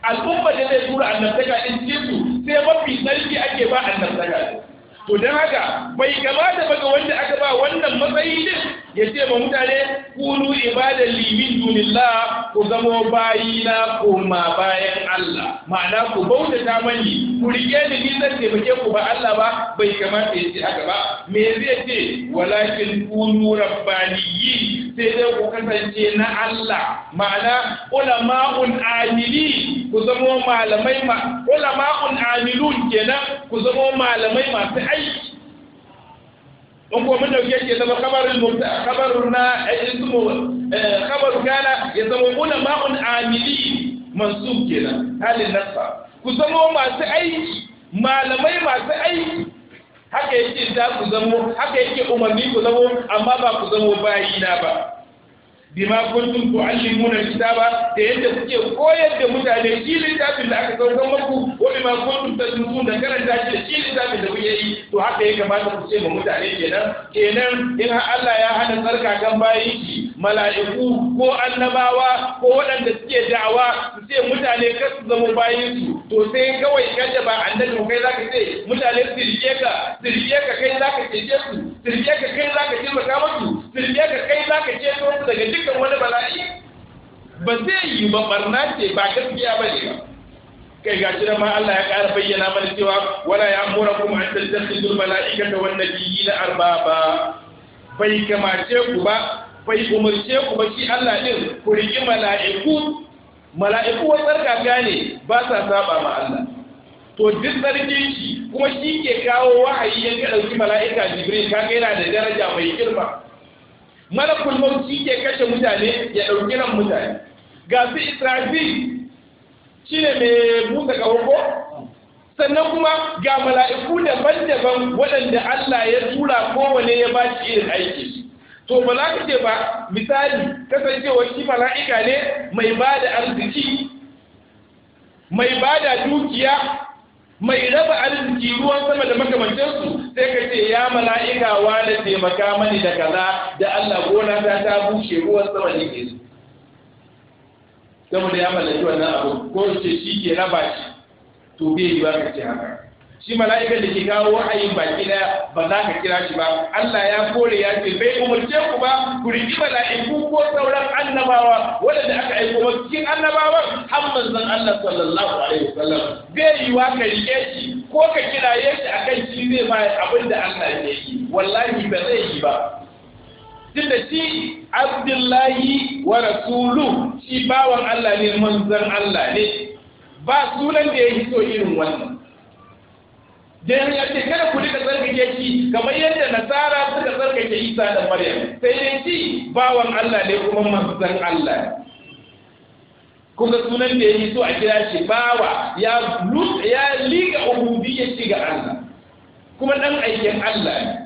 al'ummar da zai tura annabtaka in cikin su sai mafi tsarki ake ba annabtaka to don haka bai kamata ba ga wanda aka ba wannan matsayi din ya ce ma mutane kunu ibadan limin dunillah ku zamo bayina koma bayan Allah ma'ana ku bauta ta mani ku rike ni ni zan bake ku ba Allah ba bai kamata ya ce haka ba me zai ce walakin kunu rabbaniyyi sai dai ku kasance na Allah ma'ana ulama'un amili ku zama malamai ma ulama'un amilun kenan ku zama malamai masu aiki in ko mun dauke ke zama kabarin mutta kabarun na ismu kabaru kana ya zama ulama'un amili mansub kenan halin nasa ku zama masu aiki malamai masu aiki haka yake za ku zamo haka yake umarni ku zamo amma ba ku zamo bayina ba bima kuntum tu'allimuna kitaba da yadda kuke koyar da mutane shi littafin da aka saukar muku wa bima kuntum tadrusun da karanta shi shi littafin da kuke yi to haka ya kamata ku ce ma mutane kenan kenan in Allah ya hana kan bayi shi mala'iku ko annabawa ko waɗanda suke da'awa su ce mutane kar su zama bayin su to sai kawai da ba annabi kai zaka ce mutane su rike ka su rike ka kai zaka ce su su rike ka kai zaka ce maka musu su rike ka kai zaka ce su daga duk dukkan wani bala'i ba zai yi ba barna ce ba gaskiya ba ne ba kai ga shi ma Allah ya ƙara bayyana mana cewa wala ya amura kuma an tattace dul yi na nabiyina arbaba bai kamace ku ba bai umarce ku ba shi Allah din ku riƙi mala'iku mala'iku wa tsarkaka ne ba sa saba ma Allah to duk sarki shi kuma shi ke kawo wahayi ya ɗauki mala'ika jibril kaga yana da daraja mai girma malakul maut shi ke kashe mutane ya ɗauki nan mutane ga su israfil shi ne mai busa ƙauko. sannan kuma ga mala'iku daban-daban waɗanda Allah ya tura kowane ya ba shi irin aiki to ba za ka ce ba misali kasancewa shi mala'ika ne mai ba da arziki mai ba da dukiya mai raba arziki ruwan sama da makamancinsu sai ka ya mala'ika wani taimaka mani da kaza da Allah gona ta ta bushe ruwan sama ne ke su saboda ya mallaki wannan abu ko ce shi ke raba shi to bai yi ba ka ce haka shi malaikar da ke kawo wa'ayin baki daya ba za ka kira shi ba Allah ya kore ya ce bai umarce ku ba ku riki mala'iku ko sauran annabawa wadanda aka aiko ba cikin annabawan har manzon Allah sallallahu alaihi wasallam bai yi wa ka rike shi ko ka kiraye shi akan shi zai ma abin da Allah ya yi wallahi ba zai yi ba da shi abdullahi wa rasulu shi bawan Allah ne manzon Allah ne ba sunan da ya so irin wannan da ya ce kada ku rika tsarkake shi kamar yadda nasara suka tsarkake isa da maryam sai dai shi bawan allah ne kuma san allah kuma sunan da ya yi so a kira shi bawa ya liga ubudiyya ci ga allah kuma dan aikin allah ne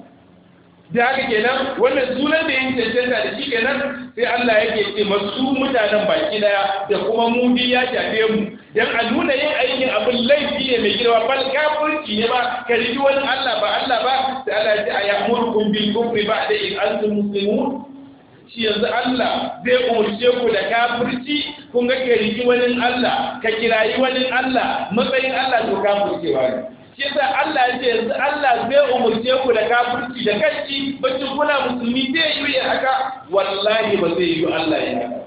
da haka kenan wannan sunan da yin cancanta da shi kenan sai Allah yake ce masu mutanen baki daya da kuma mu ya shafe mu dan a nuna yin aikin abin laifi ne mai girma bal kafirci ne ba ka riji wani Allah ba Allah ba sai Allah ya ce a yamurkum bil kufri ba'da in antum muslimun shi yanzu Allah zai umarce ku da kafirci kun ga ka riji wani Allah ka kirayi wani Allah matsayin Allah to ba ne shi yasa Allah ya ce yanzu Allah zai umurce ku da kafirci da kanci bacin kuna musulmi zai yi ya haka wallahi ba zai yi Allah ya haka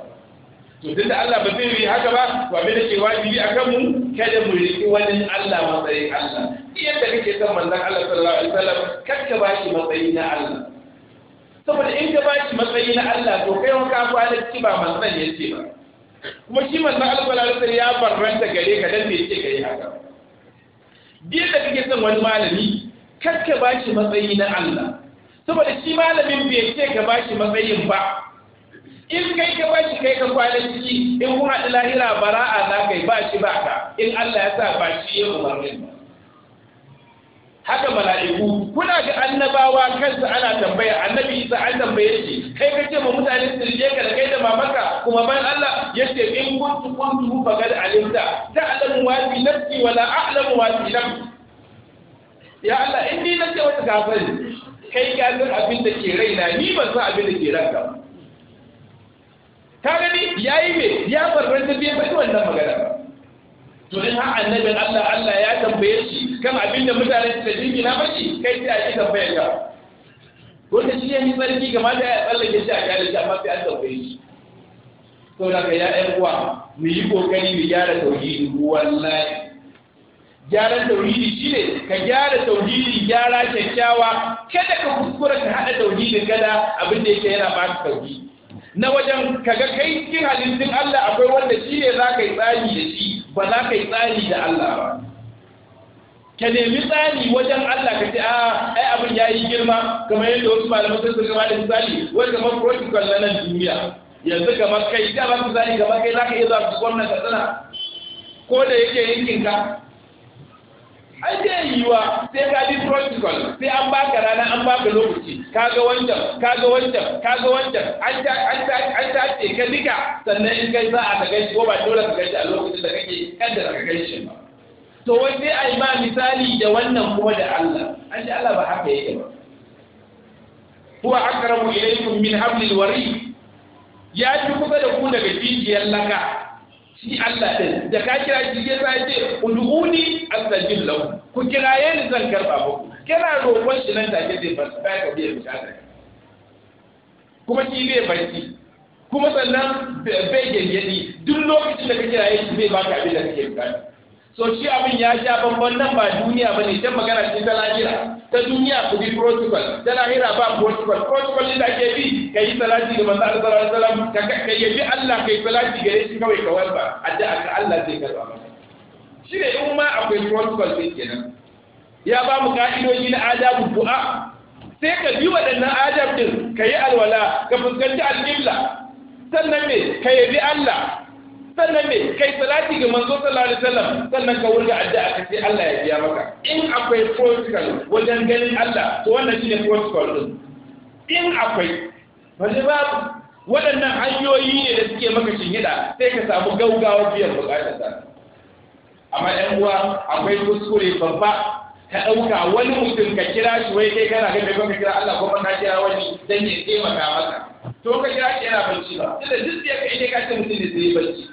to tunda Allah ba zai yi haka ba to abin da ke wajibi a kanmu kada mu riƙi wani Allah matsayin Allah yadda kake son manzon Allah sallallahu alaihi wasallam kakka ba shi matsayi na Allah saboda in ka ba shi matsayi na Allah to kai wanka kwanaki ba manzon ya ce ba kuma shi manzon Allah sallallahu alaihi wasallam ya barranta gare ka dan me yake kai haka duk da kake son wani malami kar ka ba shi matsayi na Allah saboda shi malamin bai ce ka ba shi matsayin ba in kai ka ba shi kai ka kwana ciki in kun haɗu lahira bara'a za ka yi ba shi ba ka in Allah ya sa ba shi ya umarni ba haka mala'iku kuna ga annabawa kansu ana tambaya annabi isa an tambaye shi kai kace ma mutane su rike ka da kai da mamaka kuma ban Allah yace in kuntu kuntu bagal kad ta alamu wa fi nafsi wa la a'lamu wa fi nafsi ya Allah in ni ce wata kafiri kai ka san abin da ke raina ni ban san abin da ke ranka ka gani yayi me ya barranta bai wannan magana ba to in har annabin Allah Allah ya tambaye shi kan abin da mutane suka jirgi na mace kai ta a yi tambayar ka wanda shi yayi sarki game da ya tsallake shi a kyale shi amma sai an tambaye shi to da ka ya uwa mu yi kokari mu gyara tauhidi wallahi gyaran tauhidi ne ka gyara tauhidi gyara kyakkyawa kada ka kuskura ka haɗa tauhidi kada abin da yake yana ba tauhidi na wajen kaga kai cikin halittun Allah akwai wanda shi ne za ka yi tsari da shi ba za ka yi tsari da Allah ba ka nemi tsari wajen Allah ka ce a ah, ai abin ya yi girma kamar yadda wasu malamai sun suka da misali wai kamar protocol na nan duniya yanzu kamar kai ka ba misali kamar kai za ka iya zuwa gwamnati tsana ko da yake yankinka ai yi yiwa sai ka bi protocol sai an baka rana an baka lokaci kaga wancan kaga wancan kaga wancan an ta an ta an ta ce ka duka sannan in kai za a ka gaishe ko ba dole ka gaishe a lokacin da kake kan da ka gaishe ba to wai sai yi ma misali da wannan kuma da Allah an ji Allah ba haka yake ba huwa akramu ilaykum min hablil warid ya fi kusa da ku daga jijiyar laka shi Allah ɗin da ka kira shi ya sa ya ce ud'uni astajib lahu ku kiraye ni zan karɓa ku. Kira roƙon shi nan da take zai ba ba ka biya bukata kuma shi zai barci kuma sannan bai gaggadi duk lokacin da ka kira shi zai baka abin da kake bukata so shi abin ya sha banban nan ba duniya ba ne magana ce ta lahira ta duniya ku bi protocol ta lahira ba protocol protocol ne da ke bi yi salati da manzo Allah sallallahu alaihi wasallam ka yabi Allah kai salati gare shi kawai ka warba adda aka Allah zai karba maka shi ne in ma akwai protocol ke kenan ya ba mu ka'idoji na adabu du'a sai ka bi waɗannan adab din ka yi alwala ka fuskanci alƙibla sannan me ka yabi Allah sannan me kai salati ga manzo sallallahu alaihi wasallam sannan ka wurga addu'a ka ce Allah ya biya maka in akwai protocol wajen ganin Allah to wannan shine protocol din in akwai wani babu waɗannan hanyoyi ne da suke maka shinhiɗa sai ka samu gaugawar biyan bukatarsa amma ɗan uwa akwai kuskure babba ka ɗauka wani mutum ka kira shi wai kai kana kai ka kira Allah ko ka kira wani dan ya taimaka maka to ka kira shi yana bacci ba tunda duk da kai kai ka ce mutum ne zai bacci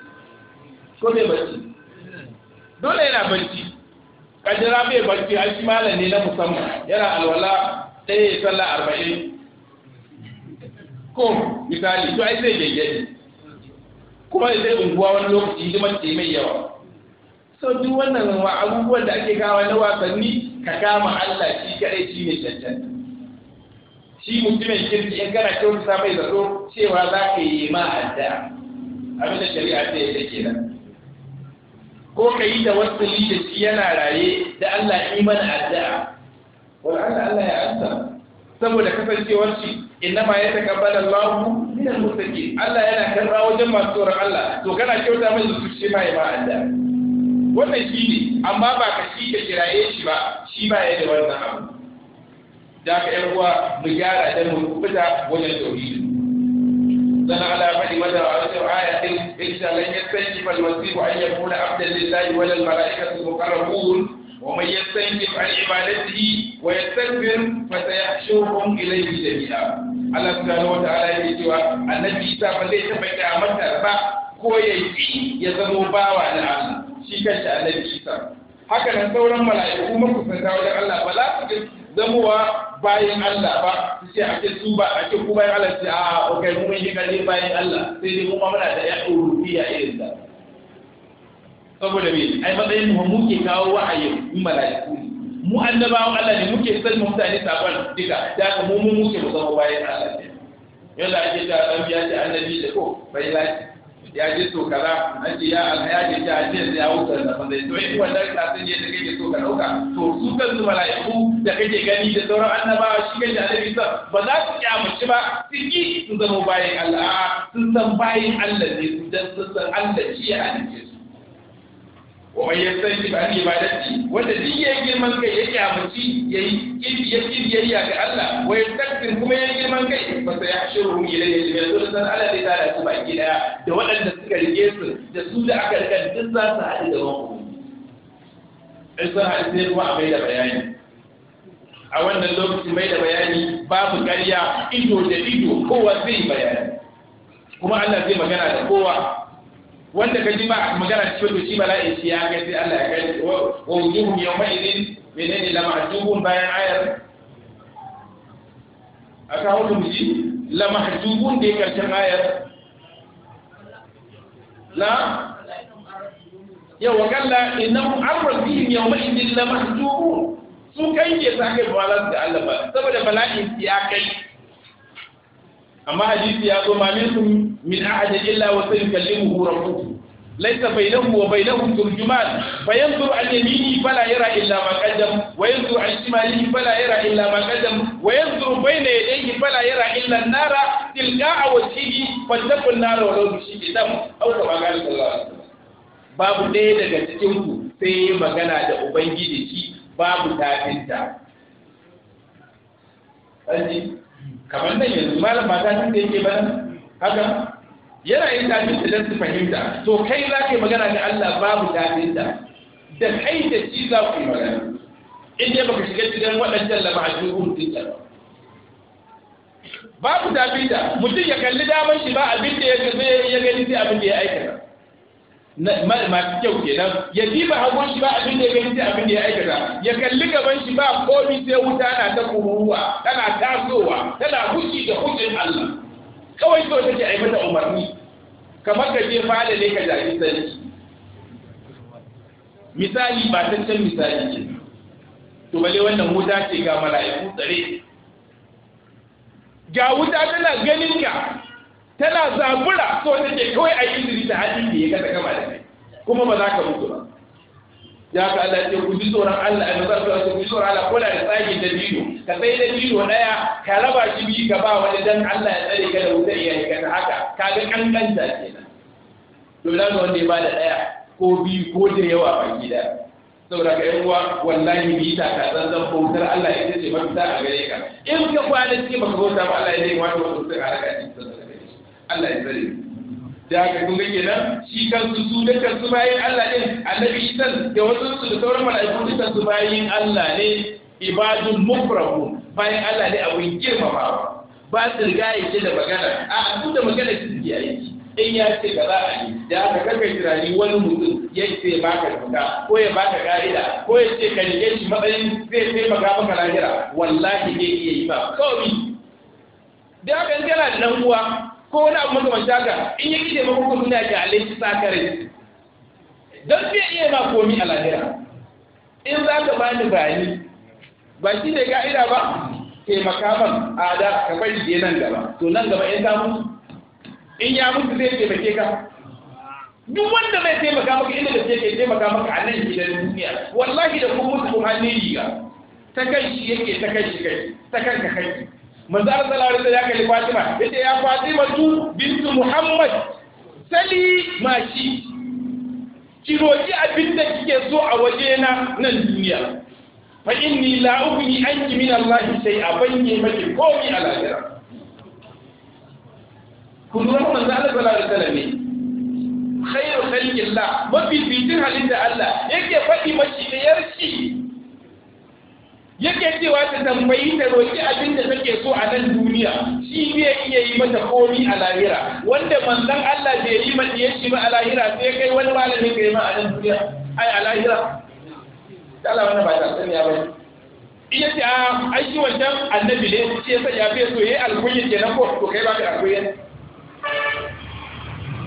ko bai barci dole yana barci kaddara bai barci an shi malam ne na musamman yana alwala ɗaya ya salla arba'in ko misali to ai zai gaggadi kuma zai unguwa wani lokaci hidimar ce mai yawa so duk wannan abubuwan da ake kawo na wasanni ka kama Allah shi kaɗai shi ne cancanta shi mutumin kirki in kana kyautata mai zato cewa za ka yi ma adda abin da shari'a ta yi take nan ko ka yi wasanni da shi yana raye da Allah yi mana addu'a wal'alla Allah ya amsa saboda kasancewar shi ba ya takabbala Allah min al-muttaqin Allah yana karba wajen masu tsoron Allah to kana kyauta mai su shi mai ma addu'a wannan shi ne amma ba ka shi ka kiraye shi ba shi ba ya da wannan abu da ka yan uwa mu gyara dan mu fita wajen tauhidi دل على عمل مدى آية إذ لن يستنكف المسيح أن يكون عبدا لله ولا الملائكة المقربون ومن يستنكف عن عبادته ويستكبر فسيحشرهم إليه جميعا Allah subhanahu wataala yake cewa annabi Isa ba zai taɓa kyamatar ba ko ya yi ya zamo bawa na Allah shi kanshi annabi Isa haka nan sauran mala'iku makusanta wajen Allah ba za su zamowa bayan Allah ba su ce a ce su ba a ce ku bayan Allah ce a ok mu mun yi kalle bayan Allah sai dai kuma muna da yan urufiya irin da saboda me ai matsayin mu muke kawo wa a malaiku ne mu annabawan Allah ne muke san mutane sabon duka da ka mu mun muke mu zama bayan Allah ne yalla ake ta dan biya ce annabi da ko bai lati ya je to kara an ce ya alhaya ce a ce ya wuce da zai dai to da wannan sun je da kake so ka dauka to su kan su malaiku da kake gani da sauran annabawa shi kake annabi sa ba za su kyamaci ba siki sun zama bayan Allah sun san bayin Allah ne sun san Allah shi ya halice wa man yastanji ba an wanda duk yayi girman kai yake kyamaci yayi kirki ya ga Allah wa yastakbir kuma yayi girman kai fa sai yahshuruhum ilayhi jami'a to dan Allah zai tada su baki daya da waɗanda suka rike su da su da aka rika duk za su haɗu da wani in sun haɗu kuma a mai da bayani a wannan lokacin mai da bayani babu ƙarya ido da ido kowa zai bayani kuma Allah zai magana da kowa wanda ka ji ba magana cikin shi bala'i shi ya ga sai Allah ya kai wa wujuhum yawma idin menene lamahjubun bayan ayar aka hudu miji lamahjubun da karshen ayar la yawa kalla innahum arrabihim yawma idin lamahjubun su kan ke sa kai balan da Allah ba saboda bala'in ya kai amma hadisi ya zo mamin sun من أحد إلا وسيكلمه ربه ليس بينه وبينه ترجمان فينظر عن يمينه فلا يرى إلا ما قدم وينظر عن شماله فلا يرى إلا ما قدم وينظر بين يديه فلا يرى إلا النار تلقاء وجهه فاتقوا النار ولو بشيء دم أو كما قال صلى الله عليه وسلم babu ɗaya daga cikinku sai magana da ubangiji shi babu tafinta kamar nan yanzu malam mata sun da yake bana haka yana yin tafinta don su fahimta to kai za ka yi magana da Allah babu tafinta da kai da shi za ku yi magana in dai baka shiga cikin waɗancan lamajin hutun ba babu tafinta mutum ya kalli damar shi ba abin da ya gani sai abin da ya aikata masu kyau kenan ya diba hagun shi ba abin da ya gani abin da ya aikata ya kalli gaban shi ba komi sai wuta na ta kururuwa tana tasowa tana huci da hucin Allah kawai so take a yi mata umarni kamar ka je fada ne ka jaji sarki misali ba tantan misali ce to bale wannan wuta ce ga mala'iku tsare ga wuta tana ganin ka tana zabura so take kawai a yi ta hadin da ya kasa kama da kai kuma ba za ka mutu ba ya ka Allah ya ku ji tsoron Allah a nazar ka ku ji tsoron Allah ko da tsaki da jiyo ka sai da jiyo daya ka raba shi bi ka ba wani dan Allah ya tsare ka da wuta iya ka ta haka ka ga kankanta kenan to da wanda ya ba da daya ko biyu ko da yawa a gida saboda ka yawa uwa wallahi bi ta ka zan bautar Allah ya ce mafita a gare ka in ka kwana cikin baka bauta ba Allah ya yi wato wasu ka haraka cikin Allah ya tsare da aka kun gake nan shi kansu su da kansu bayin Allah ne annabi isan da wasu su da sauran mala'iku duka su bayin Allah ne ibadun mufrahu bayan Allah ne abin girmama ba su riga yake da magana a duk da magana su ji aiki in ya ce ba za a yi da aka kaka tunani wani mutum ya ce ba ka doka ko ya ba ka ka'ida ko ya ce ka rike shi matsayin zai taimaka maka lahira wallahi zai iya yi ba kawai da aka yi kana da uwa ko wani abu makamanci haka in ya kide maka kuma suna kyale sa kare don zai iya ma komi a lahira in za ka bani bani ba shi ne ka'ida ba taimaka man a da ka bari je nan gaba to nan gaba in ta mutu in ya mutu zai taimake ka duk wanda zai taimaka maka inda da ke taimaka maka a nan gidan duniya wallahi da kuma mutu kuma ne riga ta kai shi yake ta kai shi kai ta kanka kai manzo Allah sallallahu alaihi wasallam ya kalli Fatima yace ya Fatima tu bintu Muhammad sali ma shi ki roki abin da kike so a waje na nan duniya fa inni la ughni anki min Allah shay'a banye maki komi a lahira kun lura manzo Allah sallallahu alaihi wasallam ne khairu khalqillah mafi bitin halitta Allah yake faɗi mashi da yarki yake cewa ta tambayi ta roƙi abin da take so a nan duniya shi ne iya yi mata komi a lahira wanda manzon Allah bai yi mata yace ba a lahira sai kai wani malami kai ma a nan duniya ai a lahira Allah wannan ba ta sani ba iya ce a ah, ai shi wancan annabi ne shi yasa ya fi so yayi alkunya kenan ko to kai ba ka alkunya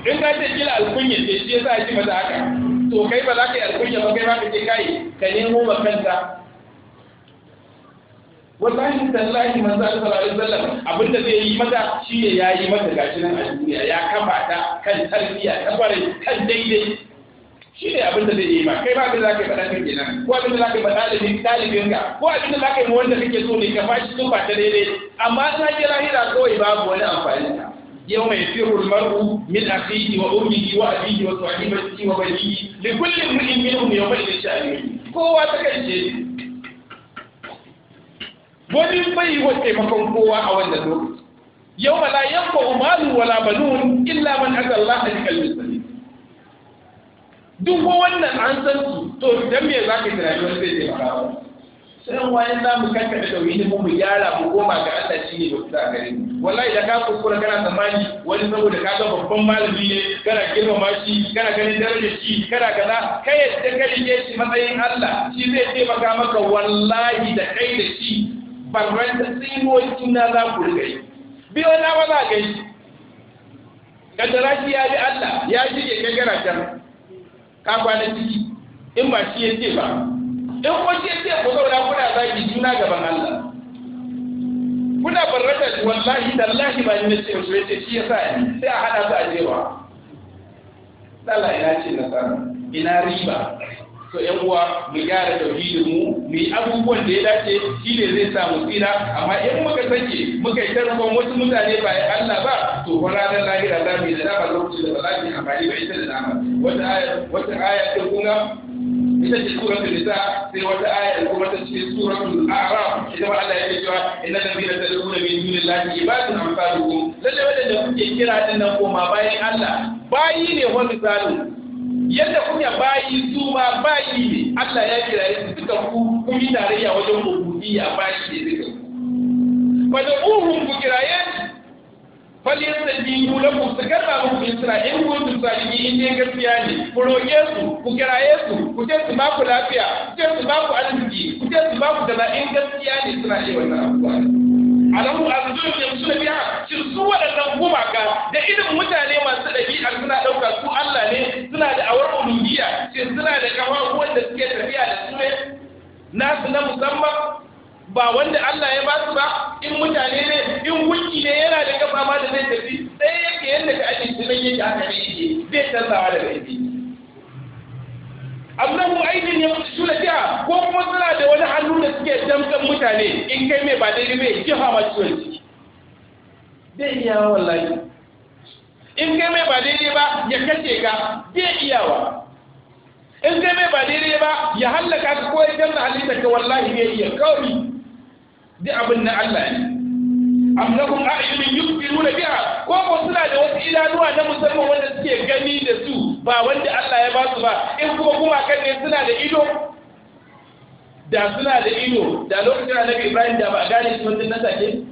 in ka ce kila alkunya ce shi yasa ake mata haka to kai ba za ka yi alkunya ba kai ba ka ce kai ka nemo ma kanta. wallahi tallahi manzo sallallahu alaihi wasallam abinda zai yi mata shi ya yi mata gashi nan a duniya ya kafa ta kan tarbiya ta bare kan daidai shi ne abinda zai yi ma kai ba abinda zaka faɗa kan kenan ko abinda zaka faɗa da talibin ka ko abinda zaka yi wanda kake so ne ka fashi tun ba ta daidai amma ta ji lahira kawai babu wani amfani ta يوم يفر المرء من أخيه وأمه وأبيه وصاحبته وبنيه لكل امرئ منهم يومئذ شأن كوا تكشف wani bai yi wa taimakon kowa a wannan lokaci yau ma la yanfa umaru wala banun illa man aka Allah bi qalbin salim duk wannan an san su to dan me za ka yi tunani wani zai taimaka ba sai wani za mu kanka da tauhidi mu gyara mu goma ga Allah shi ne dokta gare mu wallahi da ka kokura kana tsammani wani saboda ka ga babban malami ne kana girmama shi kana ganin darajar shi kana kaza kai yadda ka ne shi matsayin Allah shi zai taimaka maka wallahi da kai da shi sai barranta tsinuwar na za ku riga yi biyo wani ba za ka yi kaddara shi ya bi Allah ya shige gagara can ka kwana ciki in ba shi ya ce ba in ko shi ya ce ku zauna kuna za ki juna gaban Allah kuna barrata wallahi tallahi ba ni na ce su yace shi yasa sai a hada su a jewa Allah ina ce na sana ina riba to yan uwa mu gyara tauhidin mu mu yi abubuwan da ya dace shi ne zai samu tsira amma in muka sake muka yi tarkon wasu mutane ba ya Allah ba to fa ranar lahira za mu yi da dama lokaci da ba za mu yi amfani ba ita da dama wata aya wata aya ta kuma ita ce suratul nisa sai wata aya kuma ta ce da a'raf ita ma Allah ya ce cewa innal ladina tad'una min dunillahi ibadun amsalukum lalle wanda kuke kira din nan koma bayan Allah bayi ne wani zalim yadda kunya bayi su ma bayi ne Allah ya kira su suka ku kun yi tarayya wajen ya bayi ne duka ku fa da uhum ku kiraye falyastajibu ku su tsira, in isra in kuntum salihin in dai gaskiya ne ku roƙe su ku kiraye su ku ce su ba ku lafiya ku ce su ba ku arziki ku ce su ba ku kaza in gaskiya ne suna yi wannan abubuwa alamu azujur ne musu biya shi su waɗannan gumaka da idan mutane masu ɗabi'a suna ɗauka su Allah ne suna da awar uluhiyya shi suna da kafafuwan da suke tafiya da su ne nasu na musamman ba wanda Allah ya ba su ba in mutane ne in wuki ne yana da kafa ma da zai tafi sai yake yadda ka ake tunan yake haka ne bai canzawa da bai amlahu wasu shula jiha ko kuma suna da wani hannu da suke damkan mutane in kai mai ba daidai bai jiha ma ciwon ciki zai iya wallahi in kai mai ba daidai ba ya kace ka zai wa in kai mai ba daidai ba ya hallaka ka ko ya danna halitta ka wallahi zai iya kawai duk abin na Allah ne am lahum a'yunun yubsiruna biha ko ko suna da wasu idanuwa na musamman wanda suke gani da su ba wanda Allah ya ba su ba in kuma kuma kan ne suna da ido da suna da ido da lokacin nabi Ibrahim da ba a gane su wannan nasa take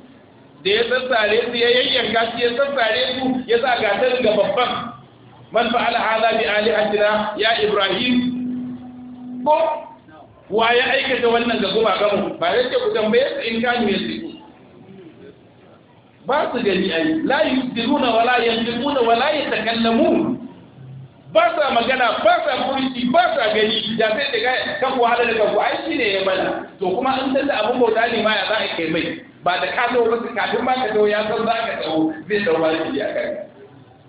da ya sassare su ya yayyanka su ya sassare su ya sa gatar ga babban man fa'ala hadha bi alihatina ya Ibrahim ko wa ya aikata wannan ga gumaganmu ba yake ku tambaye in kanu ya siku ba su gani ai la yusiruna wala yanzimuna wala takallamu ba sa magana ba sa furuci ba sa gani da sai da ga kan wahala da kanku ai shine ya mana to kuma an san da abun bauta ne ma ya za a ke mai ba da ka zo ba kafin ma ka zo ya san za ka tsawo zai tsawo ba da ya kai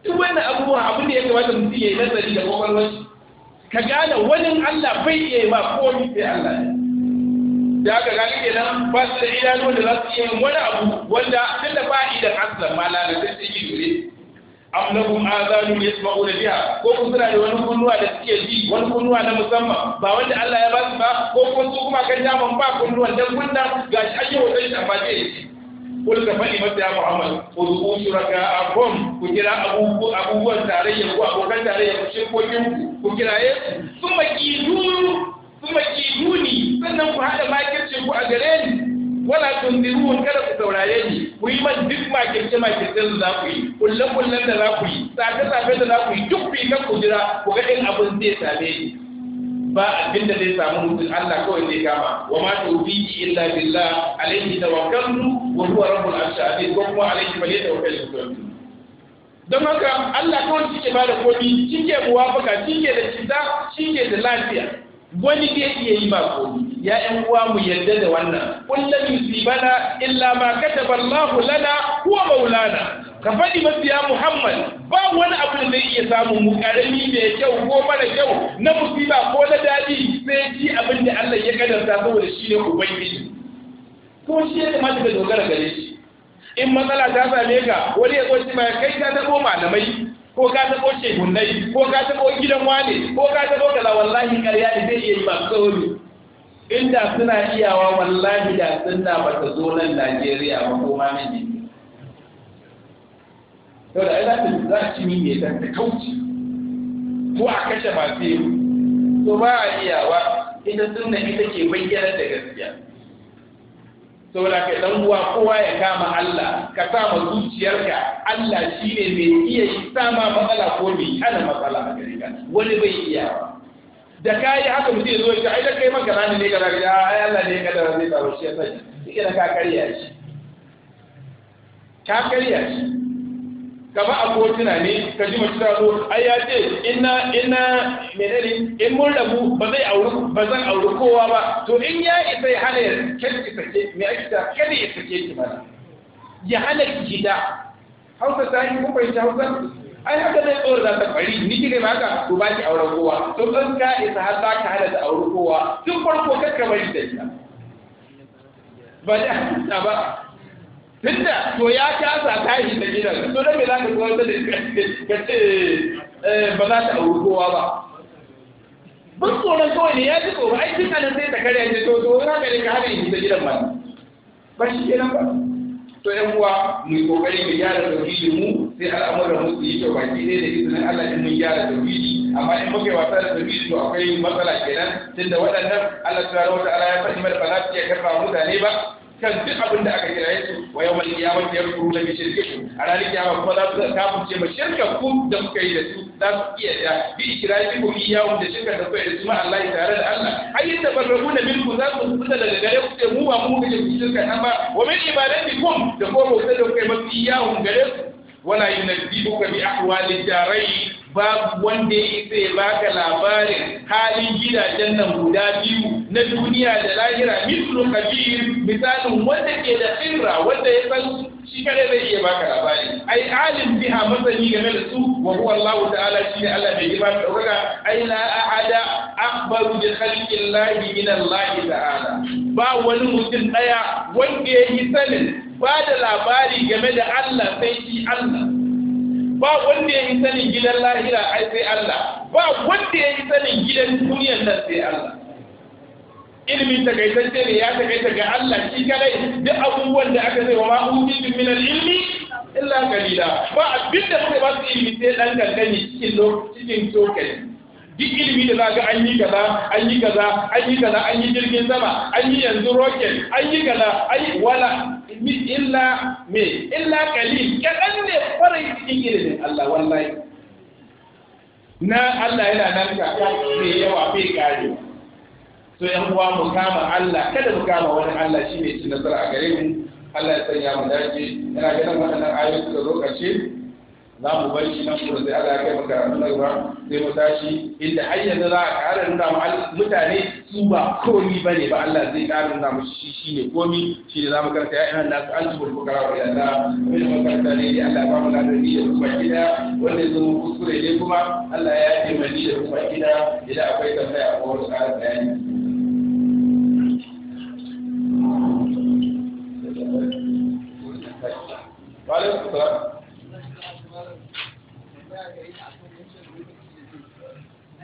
duk wannan abubuwa abin da ya kamata mutum ya yi nazari da kwakwalwar ka gane wani Allah bai iya ba komai sai Allah ne da aka gani kenan ba su da idanu da za su yi wani abu wanda tun da ba'i da haslan ma lalatacce yi ne am lahum azanu yasma'una biya ko kun suna da wani kunnuwa da suke ji wani kunnuwa na musamman ba wanda Allah ya ba su ba ko kun su kuma kan daman ba kunnuwan dan kunna gashi an yi wa dan shafa ce kul ka fadi mata ya Muhammad ku ku shuraka abubuwan ku kira abubuwan tarayya ko abokan tarayya ku shirkokin ku ku kiraye su duru kuma kiduni sannan ku haɗa makirce ku a gare ni wala tundirun kada ku saurare ni ku yi man duk makirce makirce da za ku yi kulle kullen da za ku yi safe safe da za ku yi duk bi kan ku jira ku ga in abin zai same ni ba abin da zai samu mutum Allah kawai zai kama wa ma tawfiqi illa billah alayhi tawakkaltu wa huwa rabbul arshadi azim ko kuma alayhi falyatawakkaltu don haka Allah kawai shi ke bada komi shi ke muwafaka shi ke da cita shi ke da lafiya wani zai iya yi mako ya 'yan uwa mu yadda da wannan kullum bana illa ma kataba Allahu lana kuwa maulana ka faɗi mafiya Muhammad ba wani abu da zai iya samu mu ƙarami mai kyau ko mara kyau na musiba ko na daɗi sai ji abin da Allah ya kadarta saboda shi ne ubangiji ko shi ya kamata daga dogara gare shi in matsala ta same ka wani ya zo shi ma kai ta taɓo malamai ko ka taɓo shegunai ko ka taɓo gidan wane ko ka ta kaza wallahi karya ne zai iya yi masu tsauri inda suna iyawa wallahi da sunna ba ta zo nan Najeriya ba ko ma miji to da ina tun za ci min ne dan kauci ko a kashe ba yi to ba a iyawa ita sunna ita ke bayyana da gaskiya saboda kai dan uwa kowa ya kama Allah ka sa ma zuciyarka Allah shine mai iya shi sama matsala ko mai hana matsala a gare ka wani bai iya da ka yi haka mutum zo ya ai da kai maka nani ne kaza ya ai Allah ne kaza zai tsaro shi ya sai kike da ka karya shi ka karya shi ba a kotuna ne ka ji mace ta ai ya ce ina ina menene in mun rabu ba zai auri ba zan auri kowa ba to in ya isa ya hana ya kanki sake me ake ta kada ya sake ki ba ya hana ki gida hausa ta yi kuma ita hausa ai haka zai tsoro za ta fari ni kike ba haka to ba ki auri kowa to kan ka isa har za ka hana ta auri kowa tun farko kakka bari da ita ba da ba tunda to ya kasa tashi da gidan to da me za ka zuwa da ka ce eh, ba za ta auri kowa ba ban tsoron kawai ne ya ji tsoro ai tun nan sai ta karya ce to to za ka ne ka hana da gidan ba ba shi kenan ba to yan uwa mu yi kokari mu gyara tauhidi mu sai al'amuran mu su yi kyau baki ɗaya da izinin Allah in mun gyara tauhidi amma in muke wasa da tafi to akwai matsala kenan tunda waɗannan Allah subhanahu wa ta'ala ya faɗi mana ba za su iya karɓa mutane ba kan duk abin da aka kiraye su wa yawmal qiyamati yakfuru la bi shirkikum a ranar kiyama kuma za su kafirce ma Shirka ku da kuka yi da su za su iya da bi ikirafi ku iyyahu da shirkan da kuka yi da su ma Allah tare da Allah ayyin tabarrabuna minkum za su fita daga gare ku ce mu ba mu muke shirkan nan ba wa min ibadatikum da ko bautar da kuka yi yawon gare ku wala yunabbi'uka bi ahwali darai babu wanda ya isa ya baka labarin halin gidajen nan guda biyu na duniya da lahira mislu kabir misalin wanda ke da sirra wanda ya san shi kada zai iya baka labari ai alim biha masani game da su wa huwa Allah ta'ala ne Allah bai ba da daga ai la ahada akbaru bi khalqi min Allah ta'ala ba wani mutum daya wanda ya yi sanin ba da labari game da Allah sai shi Allah ba wanda ya yi sanin gidan lahira ai sai Allah ba wanda ya yi sanin gidan duniyar nan sai Allah ilmi takaitacce ne ya takaita ga Allah shi kadai duk abubuwan da aka zai wa ma ujibi min ilmi illa qalila ba abinda da ba su ilmi sai dan kankani cikin lokacin tokali duk ilimi da za ga an yi kaza an yi kaza an yi kaza an yi jirgin sama an yi yanzu rocket an yi kaza an wala illa me illa kalil kaɗan ne farai cikin ilimin Allah wallahi na Allah yana nan ka me yawa bai kare so yan uwa mu kama Allah kada mu kama wani Allah shi ne ci nasara a gare mu Allah ya sanya mu dace yana ganin waɗannan ayoyi da lokaci. za mu bar shi nan kuma sai Allah ya kai makarantu na gaba sai mu tashi inda har yanzu za a ƙara nuna mutane su ba komi ba ne ba Allah zai ƙara nuna mu shi shi ne komi shi ne za mu karanta ya ina nasu an tuba ko kara wani Allah mai makaranta ne ya Allah ba mu na da kuma gida wanda zai mu kuskure ne kuma Allah ya yi mani da kuma gida idan akwai tambaya ko wani ƙarin bayani. Wa alaikum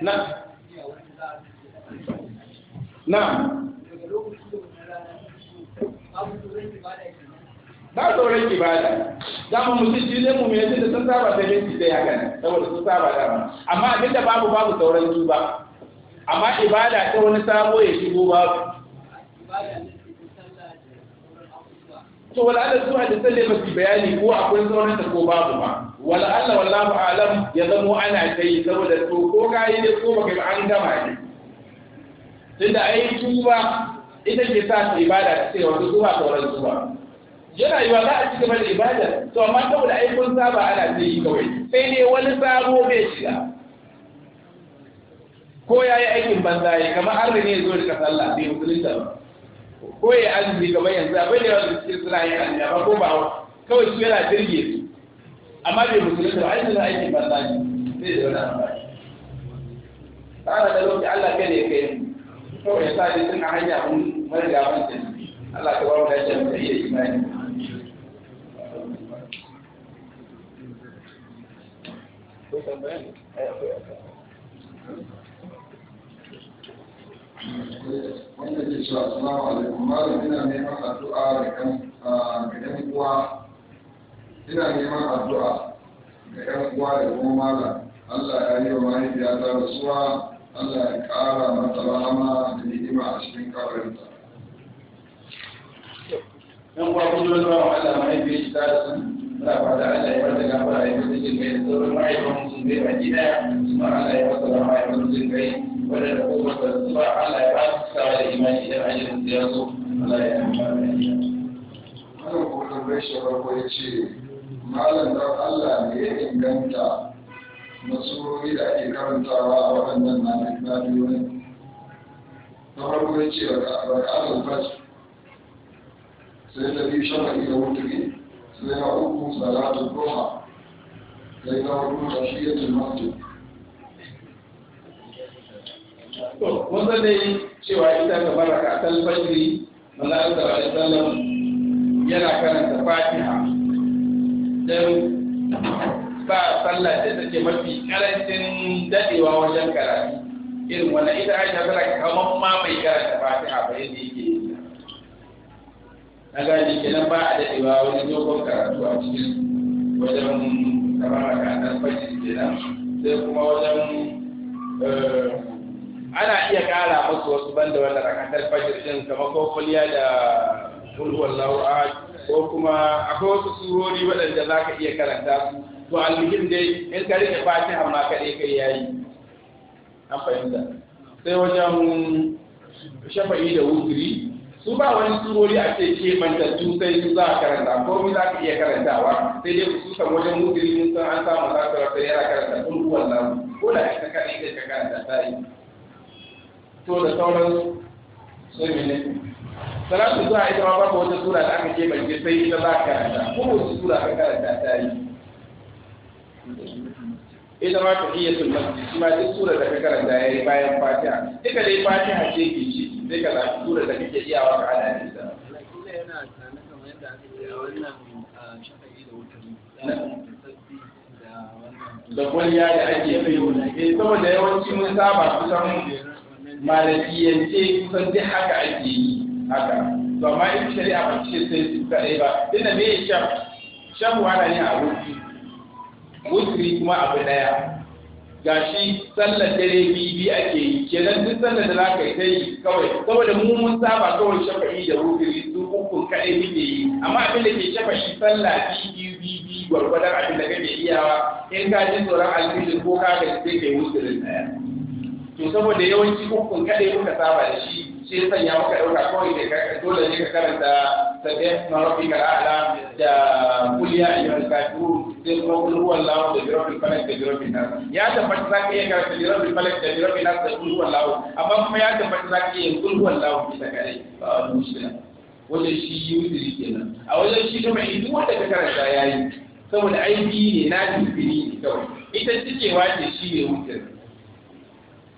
na na ba tsoron ibada za mu musu shi ne mu mai da sun saba da minti da ya kan saboda sun saba da ba. amma abin da babu babu sauran su ba amma ibada ta wani sabo ya shigo babu to wala da su hadisan ne ba su bayani ko akwai sauran ta ko babu ba wala Allah wallahu alam ya zamo ana ta yi saboda to ko yi ne ko baka an gama ne tunda ai tuba ita ke sa ta ibada ta ce wani zuwa sauran zuwa yana yi za a ci gaba da ibada to amma saboda ai kun saba ana ta yi kawai sai ne wani sabo bai shiga ko ya yi aikin banza ya kama har ne zo da sallah bai musulunta ba ko ya yi azumi kamar yanzu abin da yawa da suke suna yi a ko ba kawai su yana jirgin. su amma bai da ba aikin aiki banza ne zai da wani amfani tsara da lokaci Allah kai ne kai kawai ya sa dai suna hanya mun marga mun tafi Allah ka ba da shan da iya imani wanda ke cewa assalamu alaikum malam ina neman addu'a ah, ga dan kuwa. ina neman addu'a ga yan uwa da kuma mala Allah ya yi wa mahaifiyata rasuwa Allah ya ƙara mata rahama da ni'ima a cikin kabarinta. Yan uwa kun zo zuwa wa Allah mahaifiyar shi ta rasu muna fata Allah ya bada gafara ya bada jin kai da sauran mahaifan musulmi a gida kuma Allah ya bada rahama ya bada jin kai wadanda ko ba ta zuwa Allah ya ba su sawa da imani idan ajin ya zo Allah ya yi mana da iya. Wannan kuma tambayar shi farko ya ce malam don Allah ne ya inganta masurori da ake karantawa a waɗannan na nadiyoyin na farko ya ce raka'ar alfaj sai ta biyu shafa'i da wuturi sai na uku salatu duha sai na hudu tafiyatul masjid kun san dai cewa ita ga baraka ta alfajiri manzo Allah sallallahu alaihi wasallam yana karanta Fatiha don ba sallah da take mafi karancin dadewa wajen karatu irin wannan ita aisha tana kamar ma mai karanta fatiha ba yadda yake yi na gani kenan ba a dadewa wani dogon karatu a cikin wajen kamar haka nan fajin kenan sai kuma wajen eh, ana iya kara musu wasu banda wannan rakatar fajr din kamar ko kuliya da kulhu wallahu ko kuma akwai wasu surori waɗanda za ka iya karanta su to almuhim dai in ka rike amma ka kaɗai kai yayi an fahimta sai wajen shafa'i da wuturi su ba wani surori a ce ke mantattu sai su za a karanta ko mi za ka iya karantawa sai dai ku san wajen wuturi mun san an samu zakara rasa yana karanta tun ruwan namu ko da ita kaɗai kai ka karanta ta yi to da sauransu sai ne salatu zuwa ita ma babu wata sura da aka ke bai sai ita za karanta ko wata sura ka karanta ta yi ita ma ta iya sun masjid shi ma duk sura da ka karanta ya yi bayan fatiha duka dai fatiha ce ke shi sai ka zafi sura da kake iyawa ka hada da ita. da kwalliya da ake yi eh, saboda yawanci mun saba kusan malafiyance kusan duk haka ake yi haka to amma in shari'a ba ce sai su kadai ba ina me sha sham wala ne a wuri Wusiri kuma abu daya gashi sallar dare bibi ake yi kenan duk sallar da za ka yi ta yi kawai saboda mu mun saba kawai shafa yi da wutri su ukun kadai muke yi amma abin da ke shi sallar bibi bibi gwargwadon abin da kake iyawa in ka ji tsoron alfiji ko ka ga sai kai wusirin daya to saboda yawanci hukun kadai muka saba da shi shi ya sanya maka dauka kawai da ka dole ne ka karanta sabbi na rabbika ala da kulliya ayyuhal kafirun sai kuma kul lawo da rabbil falak da rabbil Nasa. ya tabbata ka iya karanta da falak da rabbil Nasa, da kul lawo amma kuma ya tabbata ka iya lawo huwallahu bisa kare ba mushkila wajen shi yusri kenan a wajen shi kuma idan wanda ka karanta ya yi, saboda aiki ne na tafiri ne kawai ita cikewa ce shi ne wuce.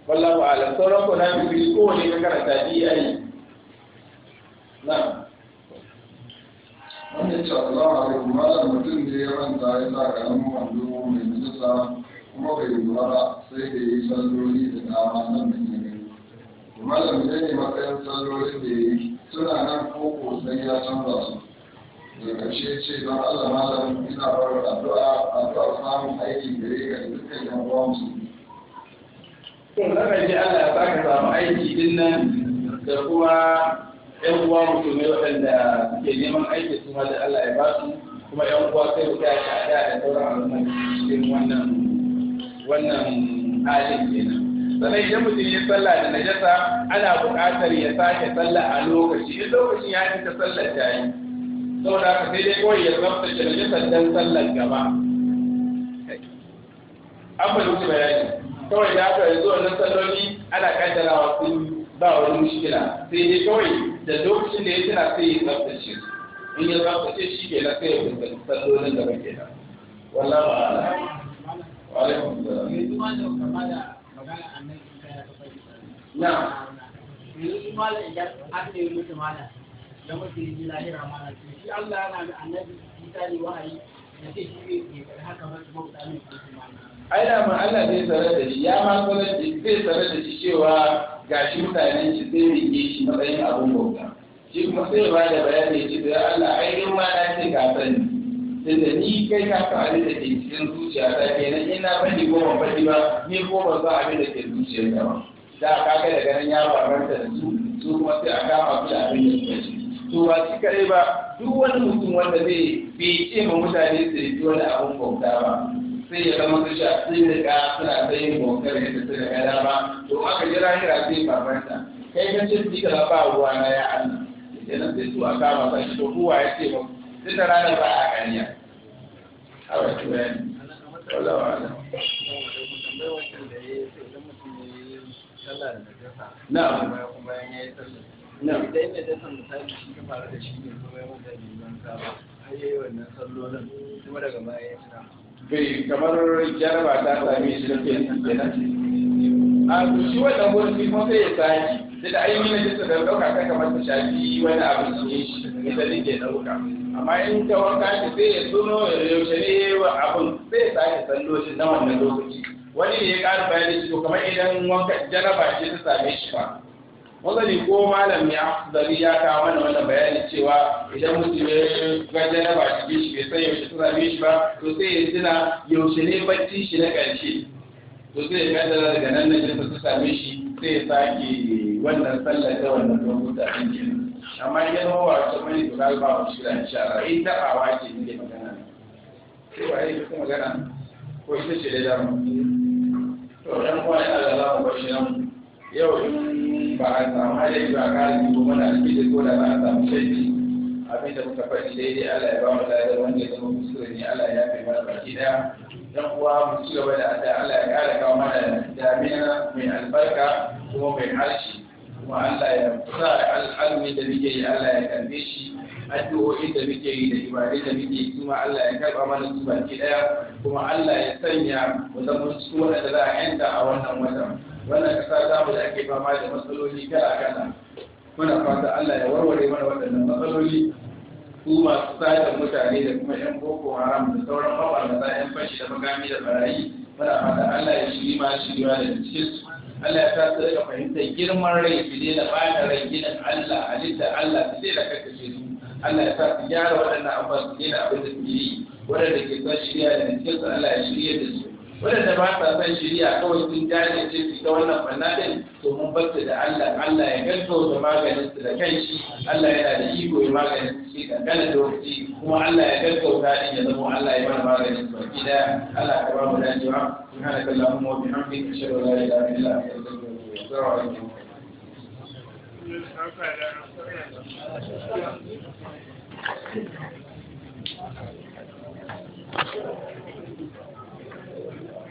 والله أعلم تلو كنا في بيسكو لي كنا تادي أي نعم من شاء الله عليكم هذا مجلس يمن دائما كلام مندوب من جزء وما في مرة سيدي سلوي تنام من مني وما لم يجي مكان سلوي دي سنا نفوق سيا تنظر daga ce ce don Allah malam ina bar addu'a addu'a samun aiki gare ka da dukkan yan uwan su Zaka ji Allah ya baka samu aiki din nan da kuma ‘yan uwa musulmai waɗanda ke neman aiki su da Allah ya basu kuma ‘yan uwa kai wuta ka da da sauran al'umma cikin wannan wannan halin kenan. Sannan idan mutum ya sallah da najasa ana buƙatar ya sake sallah a lokaci in lokacin ya fita sallar ta yi. Saboda haka sai dai kawai ya tsaftace najasar don sallar gaba. An ba bayani. kawai da aka zo wannan salloli ana kaddarawa sun ba wani mushkila sai dai kawai da lokacin da ya tana sai ya tsaftace in ya tsaftace shi ke na sai ya fuskanci sallolin gaba ke da. wallah ba ala wa alaikum salam na da mutu yi Allah da annabi isa ne wahayi da ke shi ne haka ba su bauta ne ai da ma Allah zai tsare da shi ya ma tsare da shi zai tsare da shi cewa gashi mutane shi zai rike shi matsayin abun bauta shi kuma sai ba da bayani shi da Allah ai in ma na ce ka sani da ni kai ka san abin da ke cikin zuciya ta kenan in na bani ko ban bani ba ni ko ban san abin da ke zuciya ta ba da ka ga daga nan ya ranta da su su kuma sai a kama su da abin da suka ciki. to ba shi kadai ba duk wani mutum wanda zai bai ce ma mutane su yi wani abun bauta ba sai ya zama su sha sun ka suna ta yin bautar da suka ya dama to aka jira hira zai babanta kai kan ce jika ba ruwa na ya Allah idan sai su a kama ba shi to kowa ya ce ba sai da ranar ba a kaniya. a to ya ne wa ala na'am na'am idan ne da san misali shi ka fara da shi ne kuma yawan da bai ban ka ba har na wannan sallolin kuma daga baya ya Na. bai kamar jaraba ta sami shi da ke kenan a shi wannan gurbi kuma sai ya sake sai da ainihin na jinsa da dauka ta kamar ta shafi wani abu ne shi ita ne ke dauka amma in ta wanka shi sai ya ya yaushe ne wa abun sai ya sake sallo shi na wannan lokaci wani ne ya ƙara bayani shi kamar idan wanka jaraba ce ta same shi ba mazali ko malam ya zari ya kawo mana wannan bayani cewa idan mutum ya ga janaba shige shi bai san yaushe ta same shi ba to sai ya tuna yaushe ne bacci shi na ƙarshe to sai ya kaddara daga nan nan jinsa ta sami shi sai ya sake wannan sallar da wannan lokuta a kenan amma idan ma wa ta mani to ba wa shi da insha Allah in ta awa ce ne magana ko ai ko magana ko ita ce da dama to dan uwa yana da lamu bashi nan yau in ba a samu hadari ba ƙari ko muna ciki da ko da ba a samu shaifi abin da muka faɗi daidai Allah ya ba mu ladar wanda ya zama kuskure ne Allah ya fi mana baki ɗaya. dan uwa mu ci gaba da addu'a Allah ya ƙara kawo mana damina mai albarka kuma mai harshe kuma Allah ya sa al'almi da muke yi Allah ya karbe shi addu'o'in da muke yi da ibadai da muke yi kuma Allah ya karba mana su baki ɗaya. kuma Allah ya sanya mu zama su wanda za a yanta a wannan watan wannan kasa ta mu da ake fama da matsaloli kala kana. muna fata Allah ya warware mana waɗannan matsaloli Ku masu tsarin mutane da kuma yan boko haram da sauran a yan fashi da magami da barayi muna fata Allah ya shiri ma shiri ma da cikin su Allah ya sa su daga fahimtar girman rai su daina da rai gidan Allah halitta Allah su daina kakkace su Allah ya sa su gyara waɗannan abubuwan su daina abin da ke yi waɗanda ke son shirya da cikin su Allah ya shirya da su waɗanda ba sa san shari'a kawai sun gane ce su ga wannan fannatin to mun bar da Allah Allah ya gaso da maganin su da kanshi Allah yana da iko ya maganin su shi dangane da wuce kuma Allah ya gaso ta din ya zama Allah ya mana maganin su baki da Allah ya bar mu jiwa subhanaka allahumma wa bihamdika ashhadu an la ilaha illa anta astaghfiruka wa atubu ilaik Thank you.